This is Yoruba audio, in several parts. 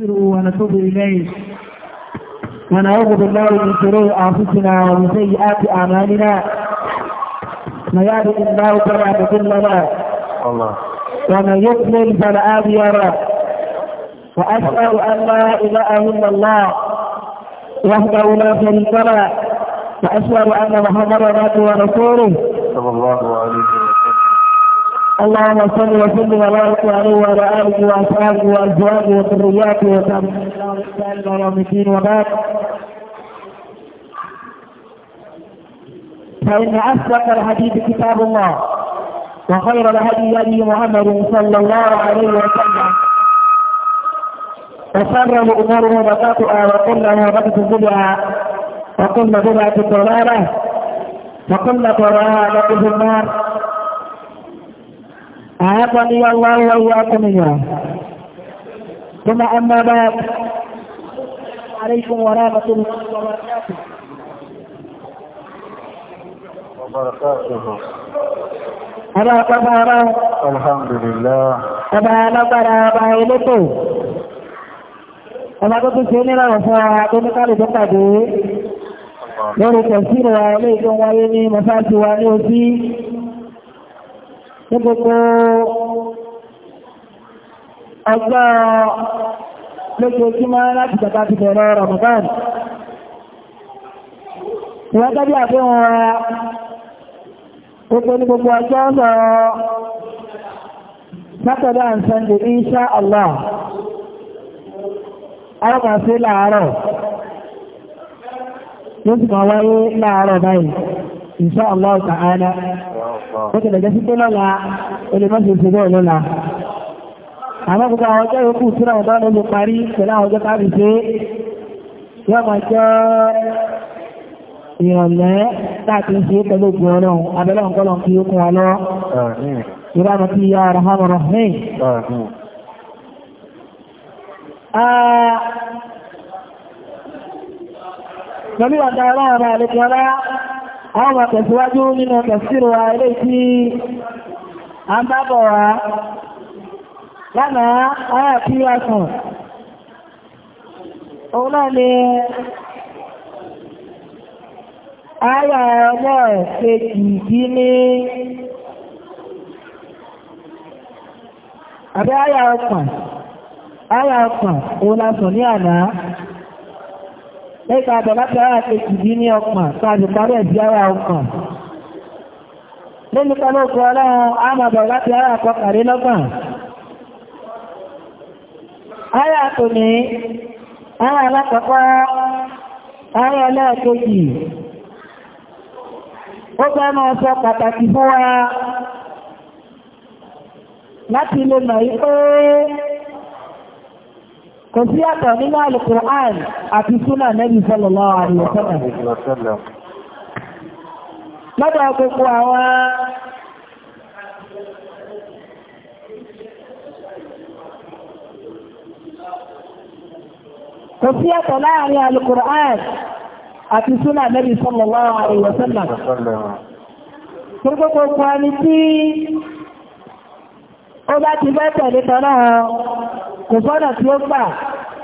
نستغفره ونتوب إليه ونعوذ بالله من شرور أنفسنا ومن سيئات أعمالنا ما يهده الله فلا مضل له ومن يضلل فلا هادي له وأشهد أن لا إله إلا الله وحده لا شريك له وأشهد أن محمدا عبده ورسوله صلى الله عليه وسلم اللهم صل وسلم وبارك عليه وعلى اله واصحابه وازواجه وذرياته وتابعين الى يوم الدين وبعد فان اصدق الحديث كتاب الله وخير الهدي هدي محمد صلى الله عليه وسلم وشر الامور مهدفاتها وكل مهدفه بدعه وكل بدعه ضلاله وكل ضلاله في النار أعطني الله وإياكم إياه ثم أما بعد عليكم ورحمة الله وبركاته وبركاته أبا قبارا الحمد لله أبا نظر أبا إليكم أبا قد سنين وفاها قد قال جمعتي lórí tẹ̀sílẹ̀ wa ilé ìjọ wáyé ní mọ́sáàtì wa ní ojú ní gbogbo ọgbọ́ lójoojúmọ́ láti jàkà ti bẹ̀rẹ̀ Ramadan wọ́n gẹ́bí àfihàn wa gbogbo ní gbogbo ọjọ́ ọmọ Saturday and Sunday Allah ọkà sí láàárọ̀ ló sì máa wáyé láàárọ̀ báyìí insha Allah ta'ala Lọ́kẹ̀lẹ̀ jẹ́ sí pé lọ́la, olè mọ́ sí ìṣẹ́gbọ́ lọ́la. Àmọ́ gbogbo àwọn ọjọ́ yòókù tí wọ́n bá lọ́lọ́ parí pẹ̀lú àwọn ọjọ́ káàrí pé yọ́ máa jẹ́ ìrọ̀lẹ́ láti ṣe pẹ̀lú ògùn ọlọ́run abẹ́lẹ́ ọ̀kọ́lọ̀ kí ó kún wa lọ́wọ́. Ìbámu ti ya ara àwọn tẹ̀síwájú nínú tẹ̀síru wa ilé tí a ń bábọ̀ wa lánàá ayà tí wá sùn òun náà ni ọmọ ní àbẹ́ ayà ọkàn ayà ọkàn òun Ẹka àbọ̀látara àkejì ní ọkàn tàbí parí ẹ̀bí ara ọkàn. Lẹ́nu kan lókọ ọlọ́run àmàbọ̀ láti ara àkọkàrí lọ́gbọ̀n. Ara ara alákọ̀ọ́kọ́ ara ẹlẹ́ẹ̀kejì. Ó fẹ́ máa sọ pàtàkì fún wa láti lè kò sí àtọ̀ nínú Al-Qur'an àti súnà Nabi sallallahu alaihi wasallam lọ́dọ̀ gbogbo àwọn kò sí àtọ̀ láàrin Al-Qur'an àti súnà Nabi sallallahu alaihi ó bá ti fẹ́ tẹ̀lé tọ́lá kò sọ́nà tí ó gbà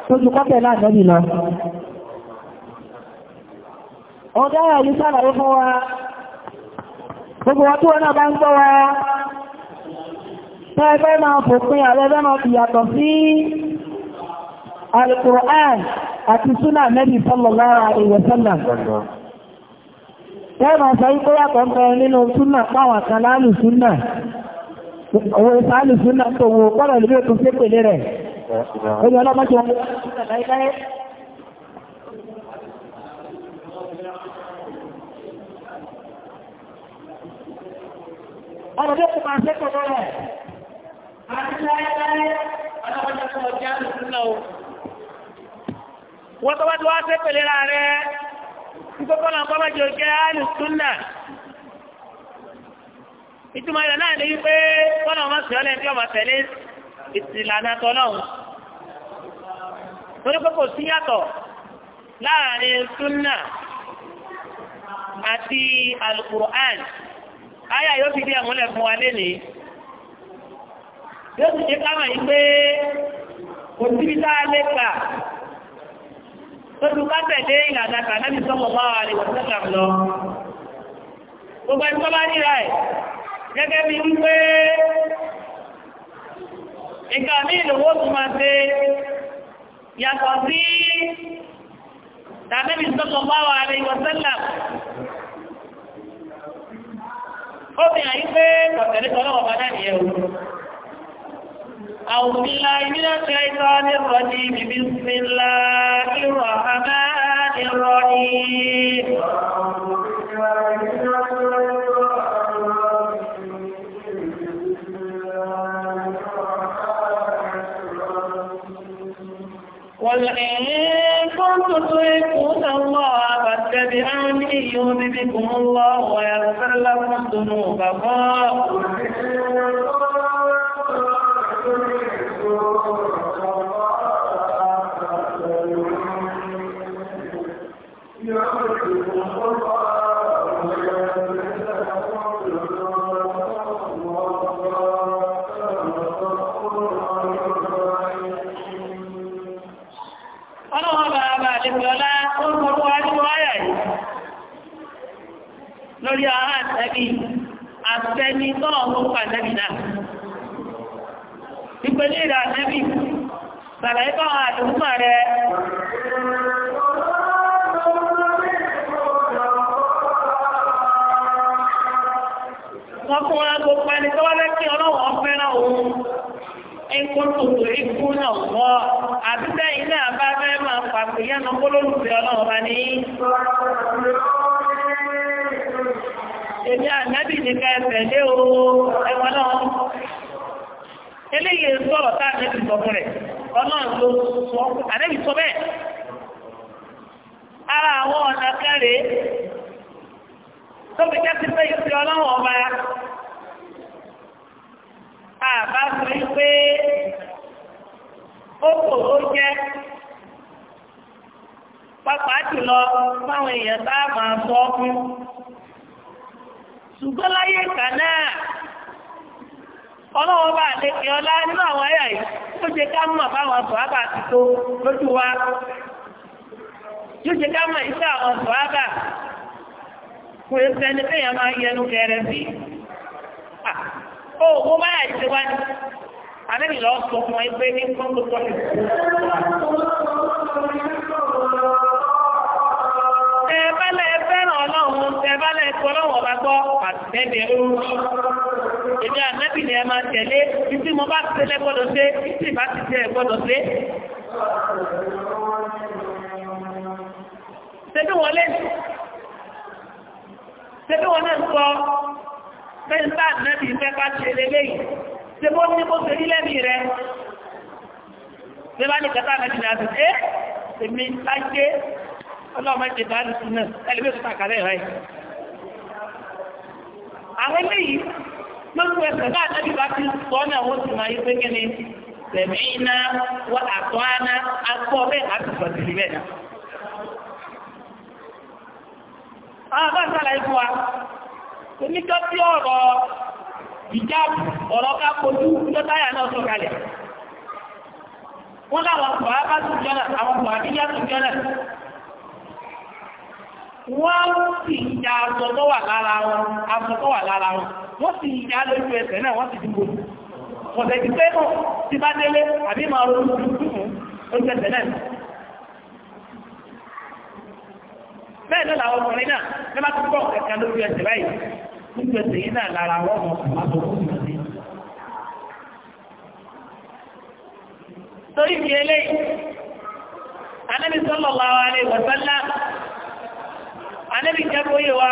tó ju kọ́tẹ̀ náà nẹ́bì lọ ọ̀gá ẹ̀rí sàlàyé fún wa gbogbo wọn tí wọ́n náà bá ń gbọ́ wa tẹ́ẹ̀fẹ́ máa fòpin àrẹ́fẹ́ máa fi yàtọ̀ sí Al-Qur'an àti súnà nẹ́bì sallallahu alaihi wasallam tẹ́ẹ̀ máa sọ ikú yàtọ̀ ń bẹ nínú súnà páwọn Owó ìsáàlù súnà tó wo pọ́lọ̀ lórí ètò sí pèlé rẹ̀. Oye ọlọ́mọ́jọ wọn kò máa sẹ́kọ̀ọ́ lọ́rọ̀. Àti láyé ọlọ́mọdé ìtumọ̀ ìlànà náà ni wípé kọ́nà ọmọ sí ọlẹ́ni tí ọmọ tẹ̀lé ìtìlànà tọ́lọ́hún torí pé kò sí yàtọ̀ láàrin súnà àti alukur'an ayé yóò fi di àmúlẹ̀ fún wa lénìí yóò sì ṣe káwọn yìí pé kò síbi tá a lè kà lójú ká tẹ̀lé ìlànà kànáàbì sọ́mọ̀ bá wà lè wọ́n sẹ́kà lọ gbogbo ẹni tó bá níra ẹ̀ gẹ́gẹ́ bí ń pé ìkà ní ìlúwó tó máa ṣe yàtọ̀ sí tàbí sallallahu alaihi wasallam ó fi àyí pé kọ̀tẹ̀lẹ́ bá náà nìyẹn o أعوذ قل إن كنتم تحبون الله فاتبعوني يهدكم الله ويغفر لكم ذنوبكم àtẹni tọ́lọ̀ ń kópa nẹ́bì náà ìpele ìrà nẹ́bì sàlàyé báwọn àdúgbà rẹ̀ wọ́n fún wọn gbogbo ẹni lẹ́kí ọlọ́wọ́ fẹ́ràn òun ẹkọ́tòtò ikú náà wọ́ àbíbẹ́ ilé àbábẹ́ máa pàpìyànà gbólólùfẹ́ èmi ànábì ní kẹfẹ̀ lé o ẹwọ náà eléyìí sọ̀rọ̀ tá ànábì ara pé ìfẹ́ ọlọ́run ọba àbá fi pé ó kò ó jẹ́ pápá jùlọ fáwọn èèyàn sọ ọkụ. ṣùgbọ́n láyé ìgbà náà ọlọ́wọ́ bá àlejò ọlá nínú àwọn ayà yìí ó ṣe ká mọ̀ báwọn ti tó lójú wa yóò ṣe ká mọ̀ àwọn sọ̀hábà kò yẹ sẹ́ni péyàn máa yẹnu kẹrẹ sí ó wọ́n báyà ṣe wá ní fún ọlọ́run tẹ bá lẹ́ẹ̀kọ́ lọ́wọ́ bá gbọ́ àtẹ́bẹ̀ ooru èmi ànábì ni ẹ máa tẹ̀lé títí mo bá ti tẹ́lẹ̀ gbọ́dọ̀ ṣe títí bá ti tẹ́ gbọ́dọ̀ ṣe. ṣebí wọn lé ṣebí wọn náà ń sọ pẹ́ńtà ànábì fẹ́ bá ṣe lélẹ́yìí ṣe bó ní kó ṣe rí lẹ́mìí rẹ̀ ṣe bá ní kẹta ànábì náà ṣe é láyé ọlọ́mọ ti bá lùsùn náà ẹlẹ́gbẹ́ tó pàkàlẹ̀ rẹ̀. àwọn eléyìí gbogbo ẹsẹ̀ náà tẹ́bí bá ti sọ ní àwọn oṣù máa yí pé kí ni tẹ̀mí iná wọ àtọ́ aná akọ bẹ́ẹ̀ àti sọ̀tìlì bẹ́ẹ̀ náà. àwọn bá sàlàyé fún wa oníjọ́ tí ọ̀rọ̀ ìjà ọ̀rọ̀ ká kojú lọ́táyà náà sọ kalẹ̀ wọ́n láwọn pàápàá tún jọ́nà àwọn pàápàá wọ́n sì ń ya aṣọ tó wà lára wọn aṣọ tó wà lára wọn wọ́n sì ń ya lójú ẹsẹ̀ náà wọ́n sì ọ̀sẹ̀ ti pé náà ti bá délé àbí máa ronú lójú ẹsẹ̀ náà torí eléyìí Ànábì jẹ́kó yé wa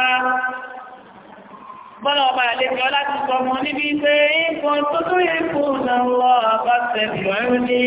bọ́lá ọba àlejò láti sọ mọ́ níbi pé nǹkan tó tó yẹ fún ọ̀nà lọ àbáṣẹ́ ìwọ̀n ní.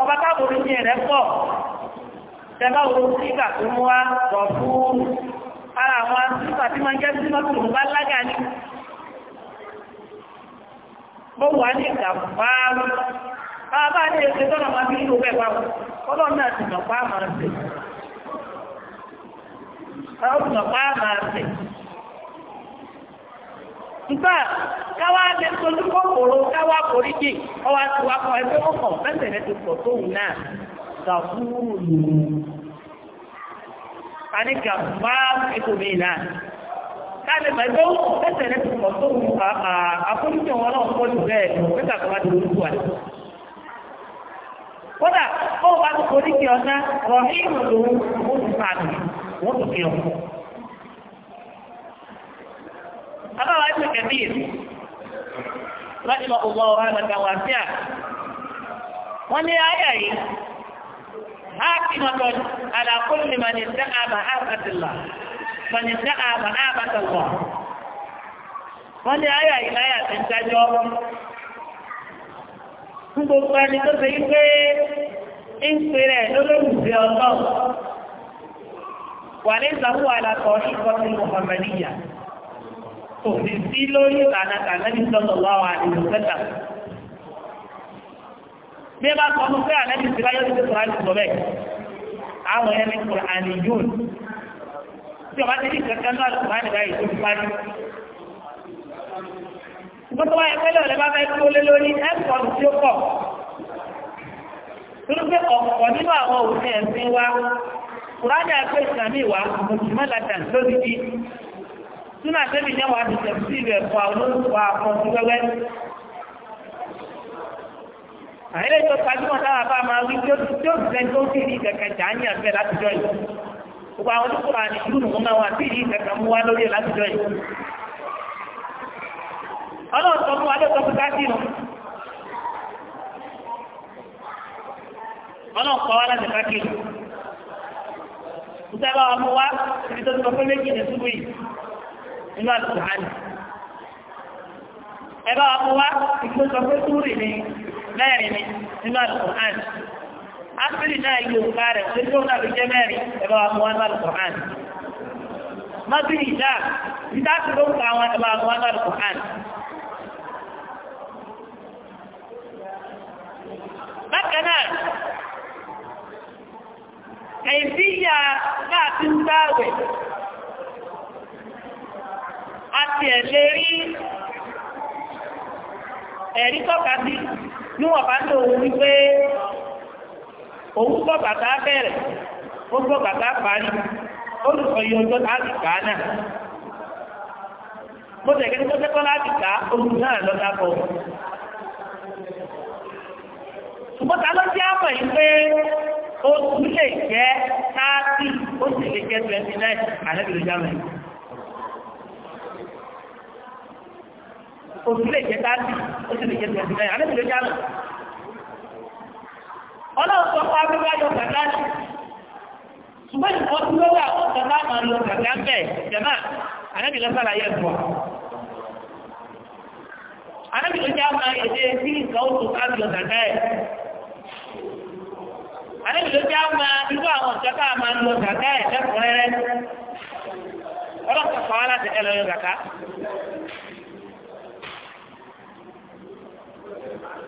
ọba táàbùrú ní ẹ̀rẹ́ pọ̀ tẹ́báwò síkà tó mú wá pọ̀ fún ara àwọn síkà tí máa jẹ́ sí mọ́tò bá lága ní bó wà ní ìgbàfàárù bá ní èsè tọ́nà máa bí ìlú bẹ́ẹ̀ ìṣòro káwá foríjì ọwọ́ àti wakọ̀ ẹgbẹ́ ọkàn fẹ́sẹ̀ rẹ ti pọ̀ tóun náà gàfúrú lòun. a ní gàfúrú ètò mi náà káàdì pẹ̀lú fẹ́sẹ̀ rẹ ti pọ̀ tóun àforíjì wọn náà pọ̀ jù bẹ́ẹ̀ nígbà tó bá ti lórí wà. kódà ó wà ní foríjì ọ̀sán rọ̀hìn ìrọ̀lù ó ti pàdé wọ́n tó fi ọkọ̀. rọ́ṣìmọ̀ ọ̀gbọ́n ụgbọ àgbàgbà wà sí à wọ́n ní ayé yìí حاكمة على كل من ادعى مآبة الله من ادعى مآبة الله wọ́n ní ayà ìláyà tí ń dájọ́ ń tó fi pé ń pèrè lólóògbé wà ní kò ní sí lórí ìlànà ànábì sallallahu alaihi wasallam bí ẹ bá sọ fún pé ànábì sí láyé ti sọ̀rọ̀ àti sọ̀rọ̀ bẹ́ẹ̀ àwọn ẹni kùránì yóò tí ọba ti ní kankan náà kùránì báyìí tó parí ṣùgbọ́n tó wáyé pẹ́lẹ́ ọ̀lẹ́ bá fẹ́ tó lé lórí ẹ́kọ̀ọ̀lù tí ó pọ̀ torí pé ọ̀pọ̀ nínú àwọn òfin wa kùránì àgbẹ̀ ìsàmì wa mùsùlùmọ́ súnà tẹ́lì yẹn wà ní tẹ̀sí rẹ̀ fún àwọn olùkọ́ àkọsí wẹ́wẹ́. àyẹ̀lẹ́ tó gbajúmọ̀ táwọn bá máa wí tó ti tó bẹ́ẹ̀ tó ti rí kẹ̀kẹ́ jà ní ẹ̀fẹ́ látijọ́ yìí. gbogbo àwọn olùkọ́ àti ìlú nìkan máa wà sí ìrí kẹ̀kẹ́ mú wá lórí látijọ́ yìí. ọlọ́run sọ fún wa ló sọ fún káàkiri nù. ọlọ́run kọ́ wa láti káàkiri. ìjọba ọmọ wa ibi tó ti lọ nínú wa fún wa ìgbó túrì ni mẹ́rin ni nínú àlùkùránì ápìlì náà yìí òǹkà rẹ̀ pé tó náà fi jẹ́ mẹ́rin wa fún nínú ka àwọn wa fún nínú ẹ̀yìn ìyá ń àti ẹ̀lẹ́ rí ẹ̀rí tọ́ka sí níwọ̀n bá tó òun wípé òun gbọ́ bàtà bẹ̀rẹ̀ ó gbọ́ bàtà parí olùkọ́ yọ ọjọ́ láti gbà náà mo tẹ̀ kẹ́kẹ́ tó láti náà bọ̀ ṣùgbọ́n ta ló yìí pé oṣù lè jẹ́ táàtì oṣù lè jẹ́ tẹ̀sí náírà alẹ́ ìlú jáàmù ọlọ́run sọ fún abúlé ayọ̀ kàkáàtì ṣùgbọ́n ìfọ́n tí ó wà ọ̀sán náà máa lọ kàkà bẹ́ẹ̀ jẹ̀má alẹ́ ìlú sàlàyé ẹ̀kọ́ alẹ́ ìlú jáàmù èdè sí ìkàwọ́ tó káàbì lọ kàkà ẹ̀ alẹ́ ìlú jáàmù irú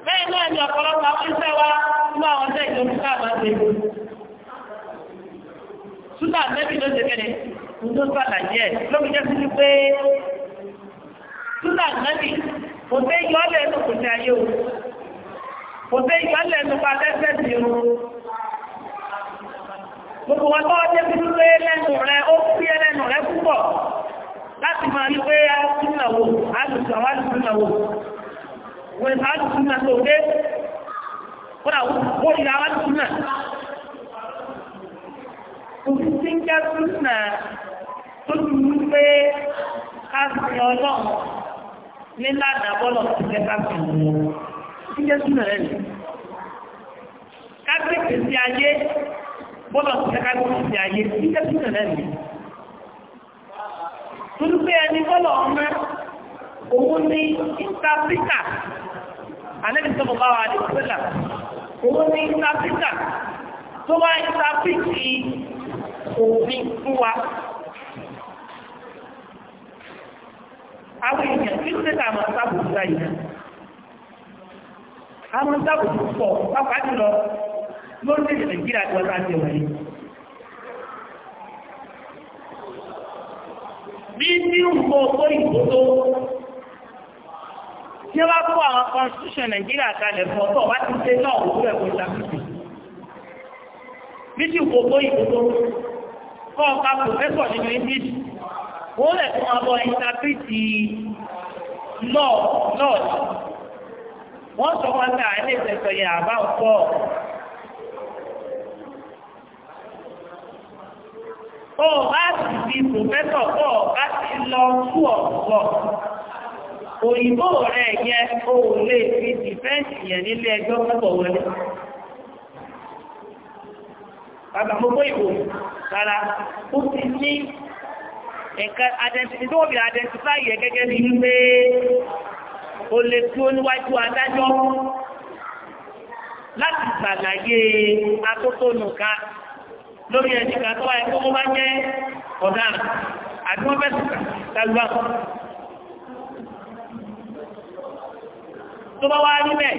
bẹ́ẹ̀ náà ni ọ̀pọ̀lọpọ̀ àwọn iṣẹ́ wa nínú àwọn iṣẹ́ ìlú ṣe ṣúgbà mẹ́bí ló ṣe kẹ́lẹ̀ ń tó sàlàyé ẹ̀ ló fi jẹ́ sí pé kò o kò pa sí o gbogbo wọn pé lẹ́nu rẹ ó fi rẹ púpọ̀ láti máa pé wọ́n ni sáájú súnmọ̀ tó dé kódà wọ́n ìlà wájú súnmọ̀ òfin tí ń jẹ́ súnmọ̀ tó ti mú pé ká sin ọlọ́run nílá àdàbọ́lọ̀ ti jẹ́ ká sin ọlọ́run tí jẹ́ súnmọ̀ rẹ̀ nìyí kágbèsè sí ayé bọ́lọ̀ sí kágbèsè sí ayé tí jẹ́ súnmọ̀ rẹ̀ nìyí torí pé ẹni bọ́lọ̀ ọmọ òun ni ìtàpítà Ànábì sallallahu alaihi wasallam òun ni ìtàpítà tó bá ìtàpítì òfin fún wa àwọn èèyàn tí ó tẹ́ta àwọn sábòsí àyíká àwọn sábòsí pọ̀ pápá jùlọ lórílẹ̀-èdè Nàìjíríà tí wọ́n bá wọ̀nyí bí tí ó mọ orí tí wọ́n kó àwọn constitution Nàìjíríà kalẹ̀ fún ọ̀tọ̀ wá ti ṣe náà òwúrọ̀ ẹ̀kọ́ ìṣàkóso bí ti wò ó ìdúró kọ́ ọ̀ka professor nínú English wọ́n lè fún ọmọ ìtàpìtì lọ́ọ̀ wọ́n sọ wọ́n ta ilé ìfẹ̀sọ̀ yẹn àbá ọ̀pọ̀ ó bá sì fi professor kọ́ ọ̀ká sí lọ fún ọ̀pọ̀ òyìnbó rẹ̀ yẹ o lè fi dìfẹ́ǹsì yẹn nílé ẹjọ́ púpọ̀ wọlé bàbá gbogbo ìbò rárá ó ti ní ẹ̀ka adẹ́ntìtì tó wọ́n adẹ́ntìfáì yẹ gẹ́gẹ́ bí wípé o lè tí ó níwájú adájọ́ láti gbàlàyé atótónùká lórí ẹ̀jìká tó wáyé kó wọ́n bá jẹ́ ọ̀daràn àti wọ́n tó bá wá níbẹ̀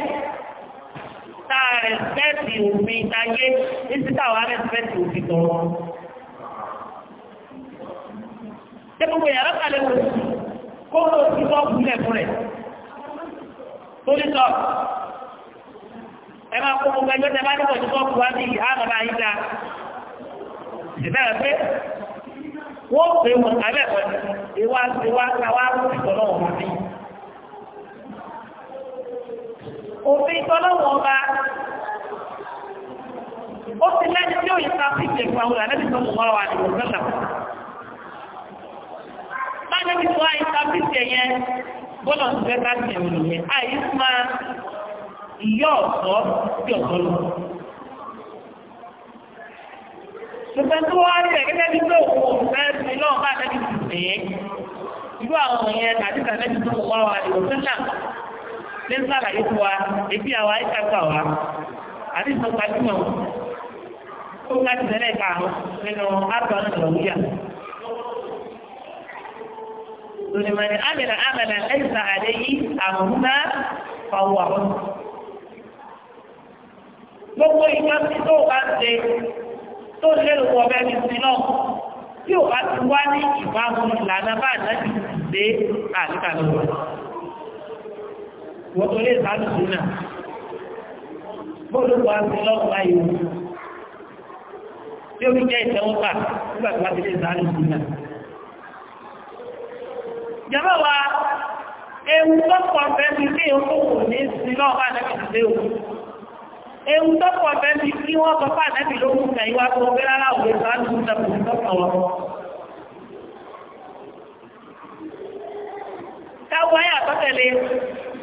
táà rẹ̀spẹ́tì òfin ìtayé ní títà wà rẹ̀spẹ́tì òfin tọrọ tẹ́ gbogbo ìyàrá kalẹ̀ kò sí kó ló ti sọ gúnlẹ̀ fún rẹ̀ tó ní sọ ẹ máa kó gbogbo ẹgbẹ́ tẹ bá ní kò sí sọ fún wa ní ìhá bàbá yìí ta ìbẹ̀rẹ̀ pé wọ́n pè wọn òfin tọ́lọ́wọ́ ọba ó ti lẹ́ni tí ó yí ká sí ìjẹ̀kù àwọn àlẹ́bí tó mọ̀ wà ní ìgbẹ́lá. Lájọ́bí tó àyí ká sí ìjẹ̀ yẹn bọ́lọ̀ ti fẹ́ ká sí ẹ̀rù Àyí máa ìyọ́ ọ̀tọ́ sí ọ̀tọ́ lọ. Ṣùgbọ́n tó wá rẹ̀ gẹ́gẹ́ bí tó òkú òfẹ́ sí lọ́ọ̀ bá àlẹ́bí tó tẹ̀ yẹn. Irú àwọn yẹn tàbí tàbí tó mọ̀ wà ní ìgbẹ́lá ní sàlàyé fún wa ebi àwa ìtàkà wa àti ìsọ̀tà tí wọ́n tó láti tẹ́lẹ̀ ká nínú àtọ̀ náà lọ́wọ́yà. Tòlìmọ̀ni àmìlà àmìlà ẹ̀sà àdé yìí àmúná fàwọ̀ àwọn. Gbogbo ìjọ tí tó bá ṣe tó lérò wọ bẹ́ẹ̀ ní sí náà tí ò bá ti wá wọ́n tó lè sáàdù súnà bóòlù wà sí lọ́wọ́ láyé wọn tí ó fi jẹ́ ìtẹ́wọ́pà nígbà tí wọ́n ti lè sáàdù súnà jàmbá wa ewu tọ́pọ̀ fẹ́mi ní ìhókòkò ní sílọ́ bá nẹ́bì sílé o ewu tọ́pọ̀ fẹ́mi kí wọ́n sọ fà nẹ́bì ló kùn kẹ̀yìn wá tó bẹ́ rárá òwe sáàdù súnà kò ní tọ́pọ̀ wọn káwọn ayé àtọ́tẹ̀lé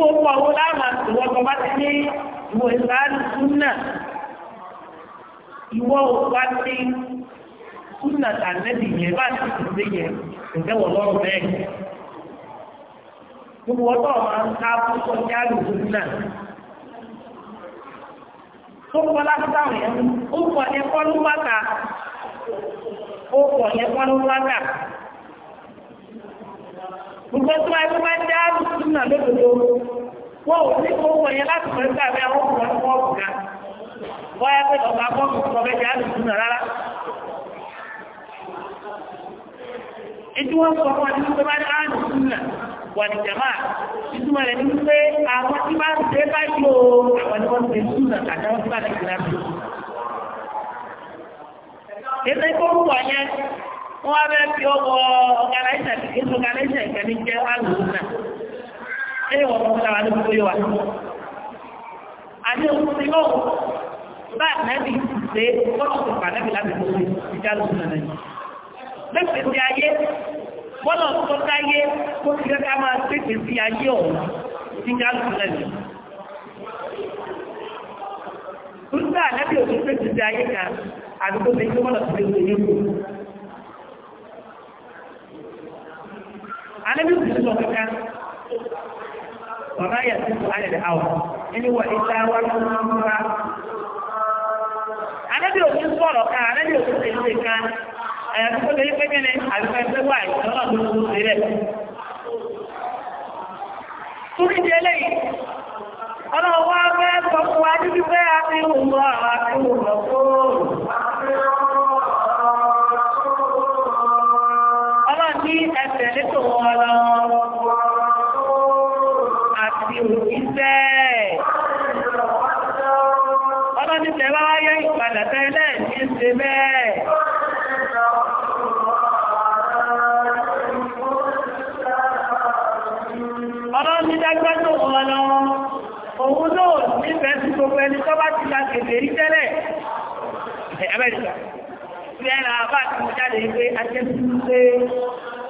irú owó owó láàmà ìwọ tó bá ti ní ìwọ ìsáàlù súnà ìwọ òpá ti súnà tànẹ́bì yẹn bá ti ti ṣe yẹn ìjẹ́wọ̀ lọ́rùn bẹ́ẹ̀. Gbogbo ọ̀tọ̀ máa ń ká púpọ̀ kọ́ yẹn ó ní ó ní gbogbo tó máa ń dá àdùsùn náà lódodo wọn ò ní kó wọ̀nyẹn láti mọ̀ nígbà bí àwọn ọkùnrin kọ́ ọ̀gá wọ́n yẹ pé ọ̀gá bọ́ọ̀lù kọ́ bẹ́ẹ̀ dá àdùsùn náà rárá. ètò wọn sọ fún ọdún tó bá dá àdùsùn náà wà ní jàmá ìtumọ̀ rẹ̀ ní pé àwọn tí bá ń tẹ́ bá yọ àwọn ni ti sùn wọ́n wá bẹ́ẹ̀ fi ọkọ̀ ọ̀gáláìsà ètò ọ̀gáláìsà ìkẹ́ni jẹ́ àlùkù náà wọ́n mọ̀ sára ní gbogbo yíwa àti òkú ti lọ́wọ́ bá àtẹ́bì ṣe bọ́ọ̀lù pàdébì láti gbogbo ìjà lọ́wọ́ náà yìí sí ayé bọ́ọ̀lù tó táyé kó ti kẹ́kẹ́ máa pèsè sí ayé ọ̀hún ìjà sí ayé Ànábì kò sọ kankan. Ọ̀rọ̀ ayà ti sọ ayẹ̀ dẹ̀ àwọ̀. Ẹni wà ìta wà lọ́mọ́ra. Ànábì òfin sọ̀rọ̀ kan, ànábì òfin ṣe ṣe kan. Àyàfi kó lórí pẹ́kẹ́ni àbíkọ́ ẹgbẹ́ wà ìtọ́nà tó ń ṣe rẹ̀. Torí di eléyìí, ọlọ́wọ́ wá fẹ́ sọ fún wa níbi pé a ti wù lọ àwọn àti wù lọ fóònù. ní ẹsẹ̀ létò wọn lọ àti òjíṣẹ́ ọlọ́ni bá tẹ́lẹ̀ ní ṣe bẹ́ẹ̀ wọn òun náà nífẹ̀ẹ́ sí gbogbo ẹni tó bá ti rí tẹ́lẹ̀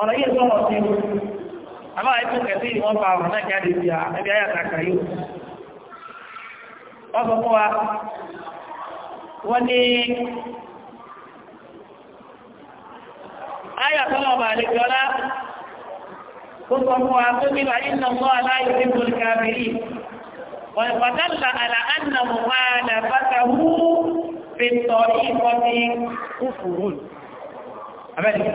ọ̀nà yìí sọ̀rọ̀ sí i àmọ́ àìsàn kẹsí ìwọ̀n fa ọ̀rọ̀ náà jáde sí ẹbí ayàtàkà yìí wọ́n sọ fún wa wọ́n ní ayàtọ̀lọ̀ ọba àlejọ́lá tó sọ fún wa tó nílò ayínà mọ́ aláyò ní bolkabiri wọ́n pàtàkì àlà ànà mọ́ àlàbàkà hú fi tọ̀ ìkọ́ ní kúfùrù abẹ́lẹ̀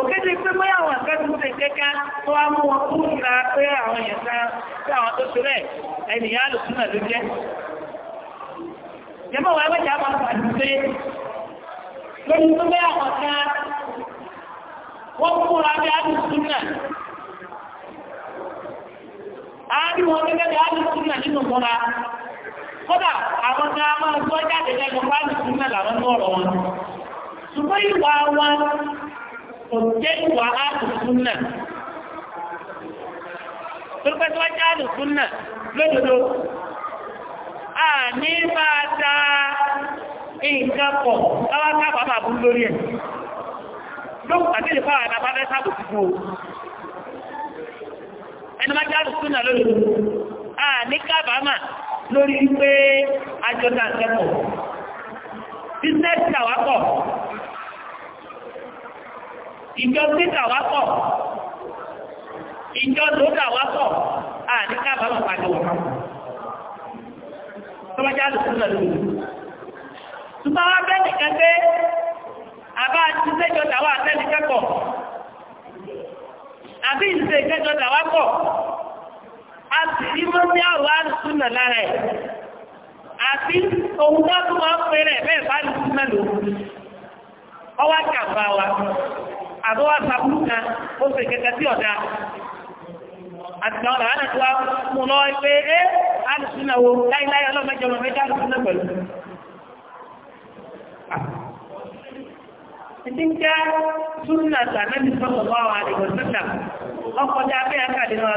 òkéde pé pé àwọn akẹ́kọ̀ọ́ ṣe kẹ́kẹ́ tó wá mú wọn kúrò nípa pé àwọn èèyàn kan ya, àwọn tó ṣe rẹ̀ ènìyàn àlòsùn ló jẹ́. jẹ́mọ̀ wá wẹ́jà máa ń pé lórí tó bẹ́ àwọn kan wọ́n kúra bí àlòsùn náà. a nínú mọ́ra. kódà àwọn kò jẹ́ ìwà àlùsùn náà torípé tí wọ́n jẹ́ àlùsùn náà lódodo a ní máa da nǹkan pọ̀ láwọn káàpá máa bú lórí ẹ̀ lókùn àti ìlú fáwọn àdábá fẹ́ sáàbò sí fún o ẹni máa jẹ́ àlùsùn náà a ní káàpá lórí pé àjọ náà ìjọ títà wá pọ̀ ìjọ lóòdà wá pọ̀ àníká bàbá pàdé wọ̀ tọ́bájá lòkú lọ lòkú tùmọ̀ wá bẹ́ẹ̀ nìkan pé àbá ti sẹ́jọ tàwa àtẹ́nikẹ́kọ̀ọ́ àbí ìṣe ìkẹjọ tàwa pọ̀ a sì rí mọ́ ní àrùsúnà lára ẹ̀ àti ohun tó bẹ́ẹ̀ bá kàfà wa. àbọ́ àtàkùn kan ó sì kẹta tí ọ̀dá àtìgbàwọ̀n àwọn àtìwà mú lọ pé é alùsùnà wo láìláì ọlọ́mẹjọ mọ̀ méjì alùsùnà pẹ̀lú ah. ìdí ń jẹ́ súnà tàbí sọ́kọ̀ọ́ àwọn àdìgbọ̀sẹ́ta ọkọ̀já bẹ́ẹ̀ àkàdé náà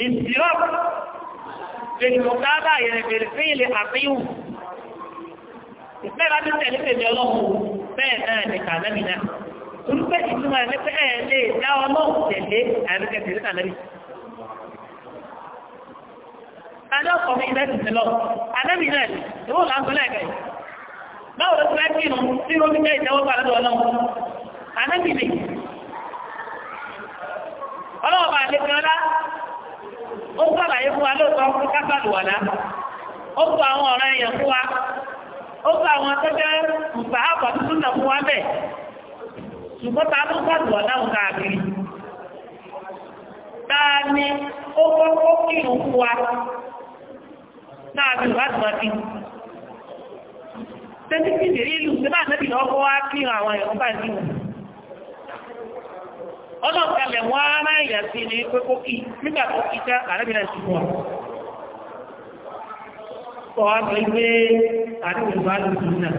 السراق بالمتابعة يعني بالفعل أطيعه ìfẹ́ bá tún tẹ̀lé tèmi ọlọ́run bẹ́ẹ̀ náà ni kànáàbì náà olùgbé ìtumọ̀ ẹ̀ pé ẹ̀ lè dá ọlọ́run tẹ̀lé àríkẹ́ tẹ̀lé kànáàbì. adé ọkọ̀ mi ilẹ̀ tẹ̀lé lọ anábì náà ni ìwọ là ń sọ lẹ́ẹ̀kẹ́ yìí báwo ló ti fẹ́ kí inú tí ni ọlọ́run bá ó sàlàyé fún wa lóòótọ́ fún kápálùwàlá ó kọ àwọn ọ̀ràn èèyàn fún wa ó kọ àwọn akẹ́kẹ́ mùsà àbọ̀ tuntun náà fún wa bẹ́ẹ̀ ṣùgbọ́n ta ló sàlùwàlá òun káàkiri ó kí fún ọlọ́ọ̀kalẹ̀ wọn ará ìyà sí ni pé kó kí nígbà tó kí tá àrẹ́bìnrin sí wọn kọ́ wá pé pé àdúgbò bá lù sí náà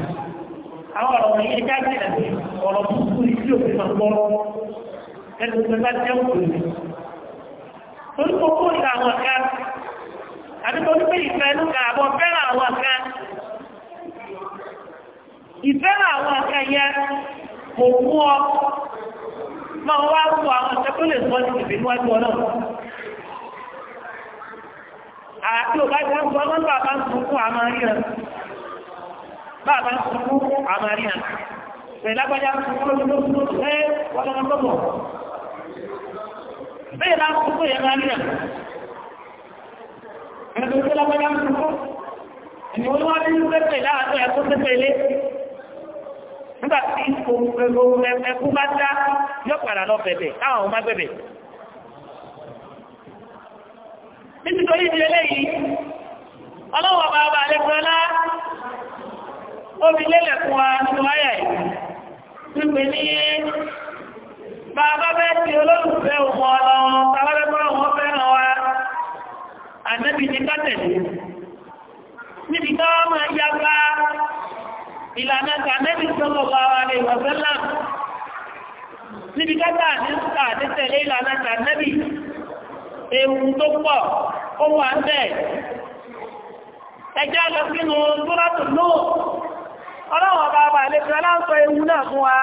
àwọn ọ̀rọ̀ yìí ẹjá sí àti ọ̀rọ̀ búburú tí òfin máa gbọ́ ẹnu tó bá jẹ́ òkùnrin torí kò kó ìta àwọn ọ̀gá àdúgbò ní pé ìfẹ́ inú ka àbọ̀ fẹ́ràn àwọn ọ̀gá ìfẹ́ràn àwọn ọ̀gá yẹn kò mú ọ máa wá rú àwọn ọ̀sẹ̀ tó lè sọ ní ìbínú ẹgbẹ́ ọ̀nà àti ò bá jẹ́ ń gbọ́n bàbá ń sunkún àmàríyàn bàbá ń sunkún àmàríyàn pẹ̀lú agbájá ń sunkún lójúlójú pé wọ́n lọ́nà tó bọ̀ bẹ́ẹ̀ lá ń sunkún yẹn àmàríyàn ẹ̀rọ tó lágbájá ń sunkún ni wọ́n wá nínú pẹ́pẹ́ láàárọ̀ ẹ̀kọ́ pẹ́pẹ́ ilé náà lọ bẹ̀bẹ̀ káwọn ọmọ gbẹ̀bẹ̀ nítorí ìdílé lẹ́yìn ọlọ́wọ́ bá bá lè fún ọlá ó fi lélẹ̀ fún wa nínú ayà yìí wípé ní bàbá bẹ́ ti olólùfẹ́ ọmọ ọlọ́run bàbá bẹ́ fún ọmọ fẹ́ràn wa ànẹ́bì ní kátẹ̀lú níbi tó máa yá bá ìlànà kànẹ́bì tó lọ́wọ́ wa lè wọ̀ fẹ́ràn níbi dátà ní sà ní tẹ̀lé ìlànà tàbí ewu tó pọ̀ ó wà ń bẹ̀. ẹjẹ́ lọ sínú súrátù lóò ọlọ́wọ̀n bá wà lè fẹ́ láńsọ ewu náà fún wa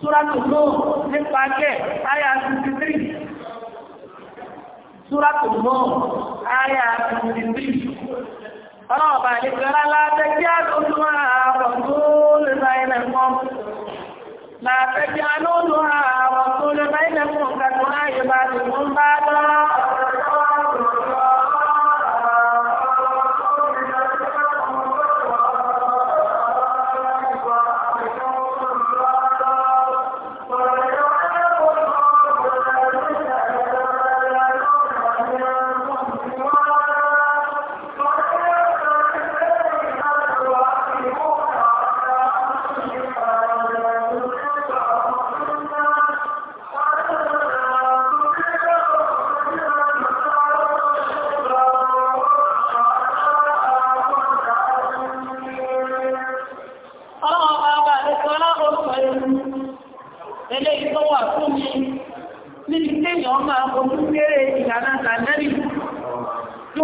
súrátù lóò nípa kẹ́ àyà 63 súrátù lóò àyà 63 ọlọ́wọ̀n bá lè fẹ́ láńsọ ewu náà fún wa لا تجعلوا دعاء رسول بينكم كدعاء بعضكم بعضا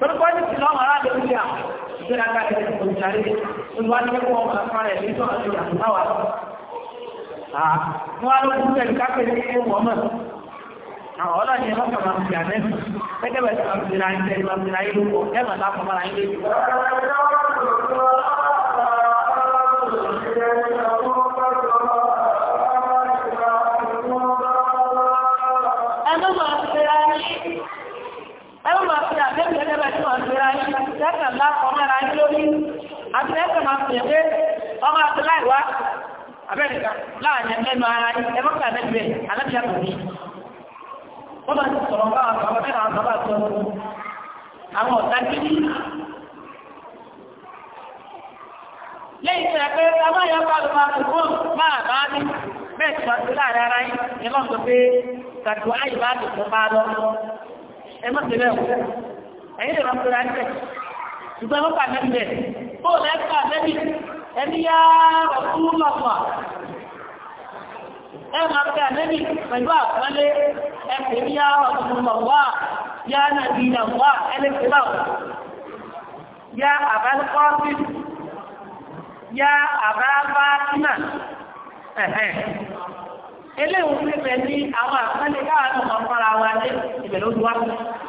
Perempuan itu tidak marah dia usia. Silakan kita mencari tujuan dia mau melakukan itu adalah awal. àdébì ẹgbẹ́ tí wọ́n gbéra yín tẹ́kẹ̀ ńlá ọmọ ara yín lórí àti tẹ́kẹ̀ máa pè pé ọmọ àti láì wá abẹ́rẹ́ta láàrin ẹgbẹ́nu ara yín ẹgbẹ́ àdébì alábìyà kò ní. wọ́n bá ti sọ̀rọ̀ bá àwọn ọmọ mẹ́ta àwọn bàbá tó àwọn ọ̀tá gidi. lẹ́yìn tí a pé ọmọ yẹn bá lọ́wọ́ àkókò máa bá ní bẹ́ẹ̀ tí wọ́n ti láàrin ara yín ẹ má sọ pé tàbí wọ́n á yìí bá ẹ̀yìn lè rọ́pò rà níbẹ̀ ṣùgbọ́n wọ́n kà níbẹ̀ kó lẹ́ kà níbi ẹni yá ọ̀tún lọ́pọ̀ ẹ máa kà níbi pẹ̀lú àpẹẹlẹ ẹ̀kẹ́ yá ọ̀tún lọ́pọ̀ yá nàbí lọ́pọ̀ ẹlẹ́kẹ́ lọ́pọ̀ yá àbálẹ́kọ́sí yá àbáfáàtìmà ẹ̀hẹ́ eléwọ̀n pẹ̀lú àwọn àpẹẹlẹ káàkiri ọmọ fọ́ra wa ní ìbẹ̀lẹ́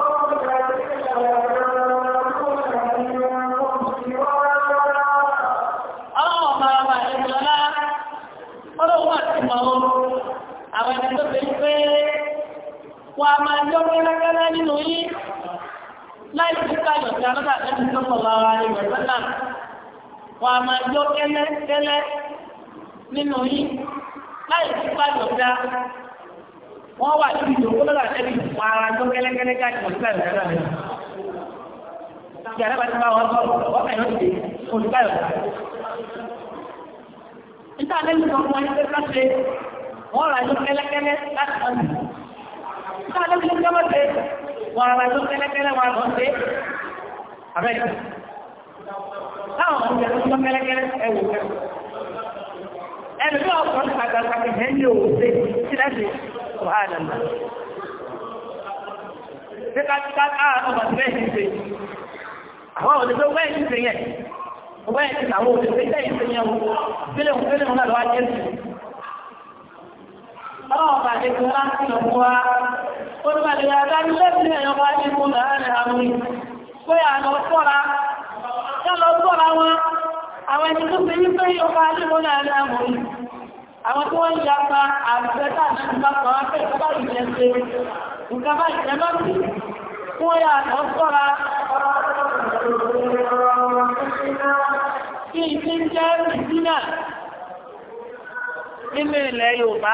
wọn a máa yọ kálákálá nínú yín láì sí káyọ̀ sí alọ́dà lẹ́nu tó sọ bá wa ní ìrọ̀lọ́dà wọn a máa yọ kẹ́lẹ́kẹ́lẹ́ nínú yín láì sí káyọ̀ sí wọn wà níbi ìdòkó lọ́dà lẹ́nu wọn a máa yọ kẹ́lẹ́kẹ́lẹ́ káyọ̀ sí alọ́dà lẹ́nu ìyàrá bá ti bá wọn sọ̀rọ̀ wọ́n kàn yóò dé olùkáyọ̀ níta lẹ́nu tó fún wọn pé ká ṣe wọ́n rà ní kẹ́lẹ́kẹ́lẹ́ láti ọ̀nà náà ló fi jọ́mọ́ ṣe wọn ara tó kẹ́lẹ́kẹ́lẹ́ wọn lọ ṣe abẹ́ táwọn ọmọ ìjẹ́ tó kẹ́lẹ́kẹ́lẹ́ ẹ̀wò ẹ̀rù bí ọkùnrin àgbàgbà ẹ̀ ní òwò ṣe sí láti wàhálà náà ṣe ká ká ká ọmọ ìgbẹ́ ìṣe àwọn òdìgbò wẹ́ ìṣe yẹn wẹ́ ìṣe àwọn òdìgbò ìṣe yẹn wọ́n ọlọ́wọ́ bàdé kò láti lọ fún wa ó ní bàdé yàrá ní lẹ́sìn ẹ̀yọ́ bá ní kó láàrin àwọn pé àlọ́ fọ́ra ká lọ fọ́ra wọn àwọn ẹni tó fi wípé yóò bá ní kó láàrin àwọn àwọn tí wọ́n ya pa àbẹ̀tà náà bá kọ́ wá pé ìjọba ìjẹ́ ṣe nǹkan bá ìjẹ́ bá sí kí wọ́n yà lọ fọ́ra kí ìsìn jẹ́ ìdínà nínú ilẹ̀ Yorùbá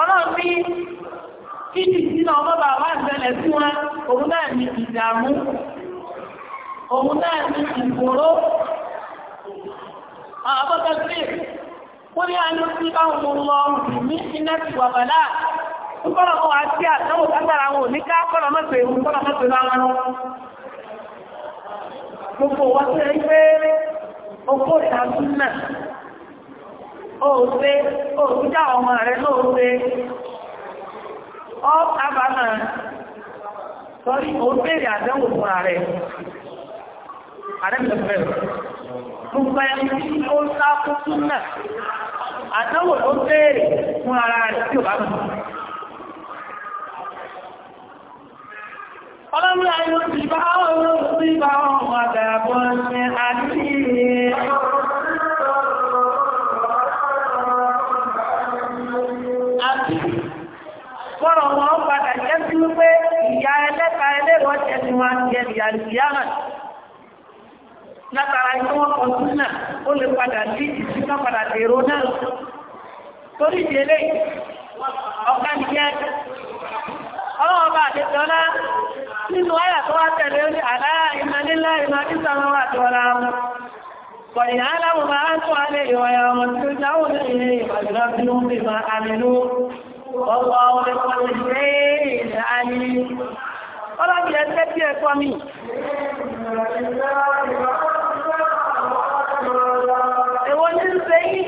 ọlọ́run ní kíjì sínú ọmọ bàbá ìṣẹ̀lẹ̀ sí wọn òun náà ní ìdààmú òun náà ní ìgbòró àbọ́tọ̀ sí wọ́n ní àánú sí báwọn ọmọ ọrùn ní iná ti wà bàlá kọ́lọ̀ kan àti àtàwọn wọn ní ká kọ́lọ̀ kọ́lọ̀ gbogbo wọ́n tẹ́ ń pé okó ìtàkùn náà a òòfújá ọmọ rẹ̀ lóòfẹ́ ọ́ àbámà sọ́rí òòfẹ́rẹ̀ àdẹ́wò fúnra rẹ̀ àdẹ́mẹ̀fẹ́ gbogbo ẹni tí ó sá fún súnà àdẹ́wò ló bẹ̀rẹ̀ fún ara rẹ̀ tí ò bá mọ̀ Ọlọ́run ayọ́ ti bá ọ̀rọ̀ sí bá ọmọ àdàbọ̀ ṣe àdíyẹ. wípé ìyá ẹlẹ́ka ẹlẹ́rọ ọ̀tẹ́ ni wọ́n ti ẹ̀rì àríyámà látara ikú wọn kan tún náà ó lè padà sí ìsìnká padà dèrò náà torí ìdílé ọ̀gá nìyẹn ọlọ́wọ́ bá àdéjọ́lá nínú ayà tó wá tẹ̀lé ó ní àdáyà ìmọ̀lélá ìmọ̀lésàmọ́ àtọ́lá wọn kọ̀yìn aláwọ̀ máa ń tó alẹ́ ìwọ̀yà ọmọ tí ó jáwọ́ ní ilé ìbàjúlá bí ó ń bí máa amẹ́lú ọwọ́ ọ̀rẹ́kọ́ lè ṣe àní ọlọ́bí ẹgbẹ́ tí ẹ̀kọ́ mi èwo ní ń ṣe yí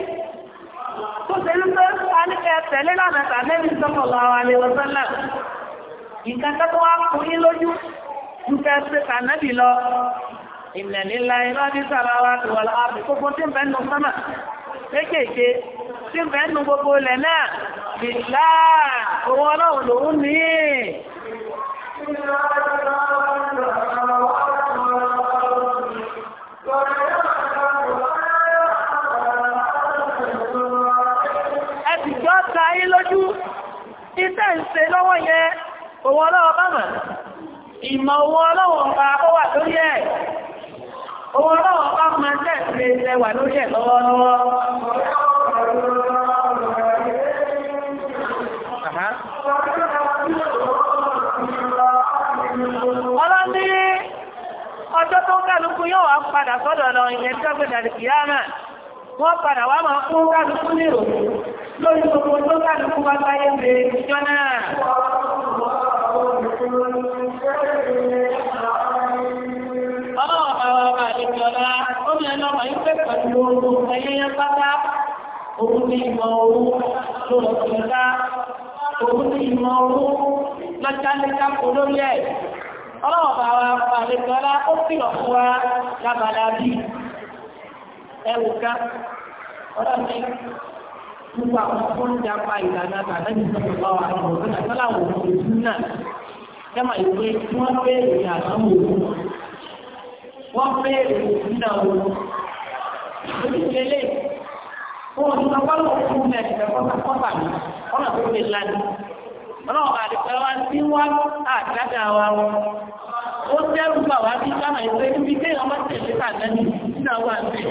tó ṣe ń pé àníkẹ́ tẹ̀lé lọ́nà tàbí sọ́mọ̀lọ́ àwọn àlewọ̀sánlẹ̀ ìkàtà tó wá kú ní lójú nǹkan ṣe tànábì lọ ìmẹ̀lélá ìrọ́dí sára wa tó wà láàbì kókó tí ń bẹ́ẹ̀ nù sọ́mà kéékèèké tí ń bẹ̀ẹ́nu gbogbo ilẹ̀ náà bìlá owó ọlọ́run lòun ní ẹ̀sìjọ́ ta yí lójú iṣẹ́ ìṣe lọ́wọ́ yẹ owó ọlọ́wọ́ bá mọ̀ ìmọ̀ owó ọlọ́wọ́ bá ó wà lórí ẹ̀ Owó ọlọ́wọ́ bá máa tẹ̀sí ẹwà lórí ẹ̀ lọ́wọ́lọ́wọ́. Ọlọ́ní ọjọ́ tó kálukú yóò wá padà sọ́dọ̀ lọ ìyẹn tó gbẹ̀dà kìíyàmà. Wọ́n padà wá máa kú kálukú ní ìrò lórí gbogbo tó kálukú wá báyé bèèrè ìjọ náà àlejòlá ó ní ẹ̀nà ọmọ yìí pẹ́ pẹ̀lú ogun ẹyẹyẹ pátá òun ní ìmọ̀ owó lọ́lọ́sọ̀lá òun ní ìmọ̀ owó lọ́jálẹ́ká kò lórí ẹ̀ ọlọ́ọ̀bà wa àlejòlá ó kìlọ̀ fún wa lábàlá bí ẹwù ká ọlọ́ọ̀ni nípa àwọn tó ń japa ìlànà àtàlẹ́bí sọ̀rọ̀ bá wà lọ́wọ́ lọ́wọ́ àwọn òṣèlú náà yẹ́mà ìwé tí wọ́n bẹ́ẹ̀ ìyá àtàwọn wọ́n bẹ̀rẹ̀ òfin àwọn olùgbélé fún ọdún ọgbọ́n òfin mẹ́rin kọ́tàkọ́tà ní ọ̀nà tó lè lánìí ọlọ́run àdìpẹ́ wá sí wá àdáda wa wọn ó dẹ́rù bà wá bí sáà ìwé níbi tí ọmọ tẹ̀lé tàbí nínú àwọn àgbẹ̀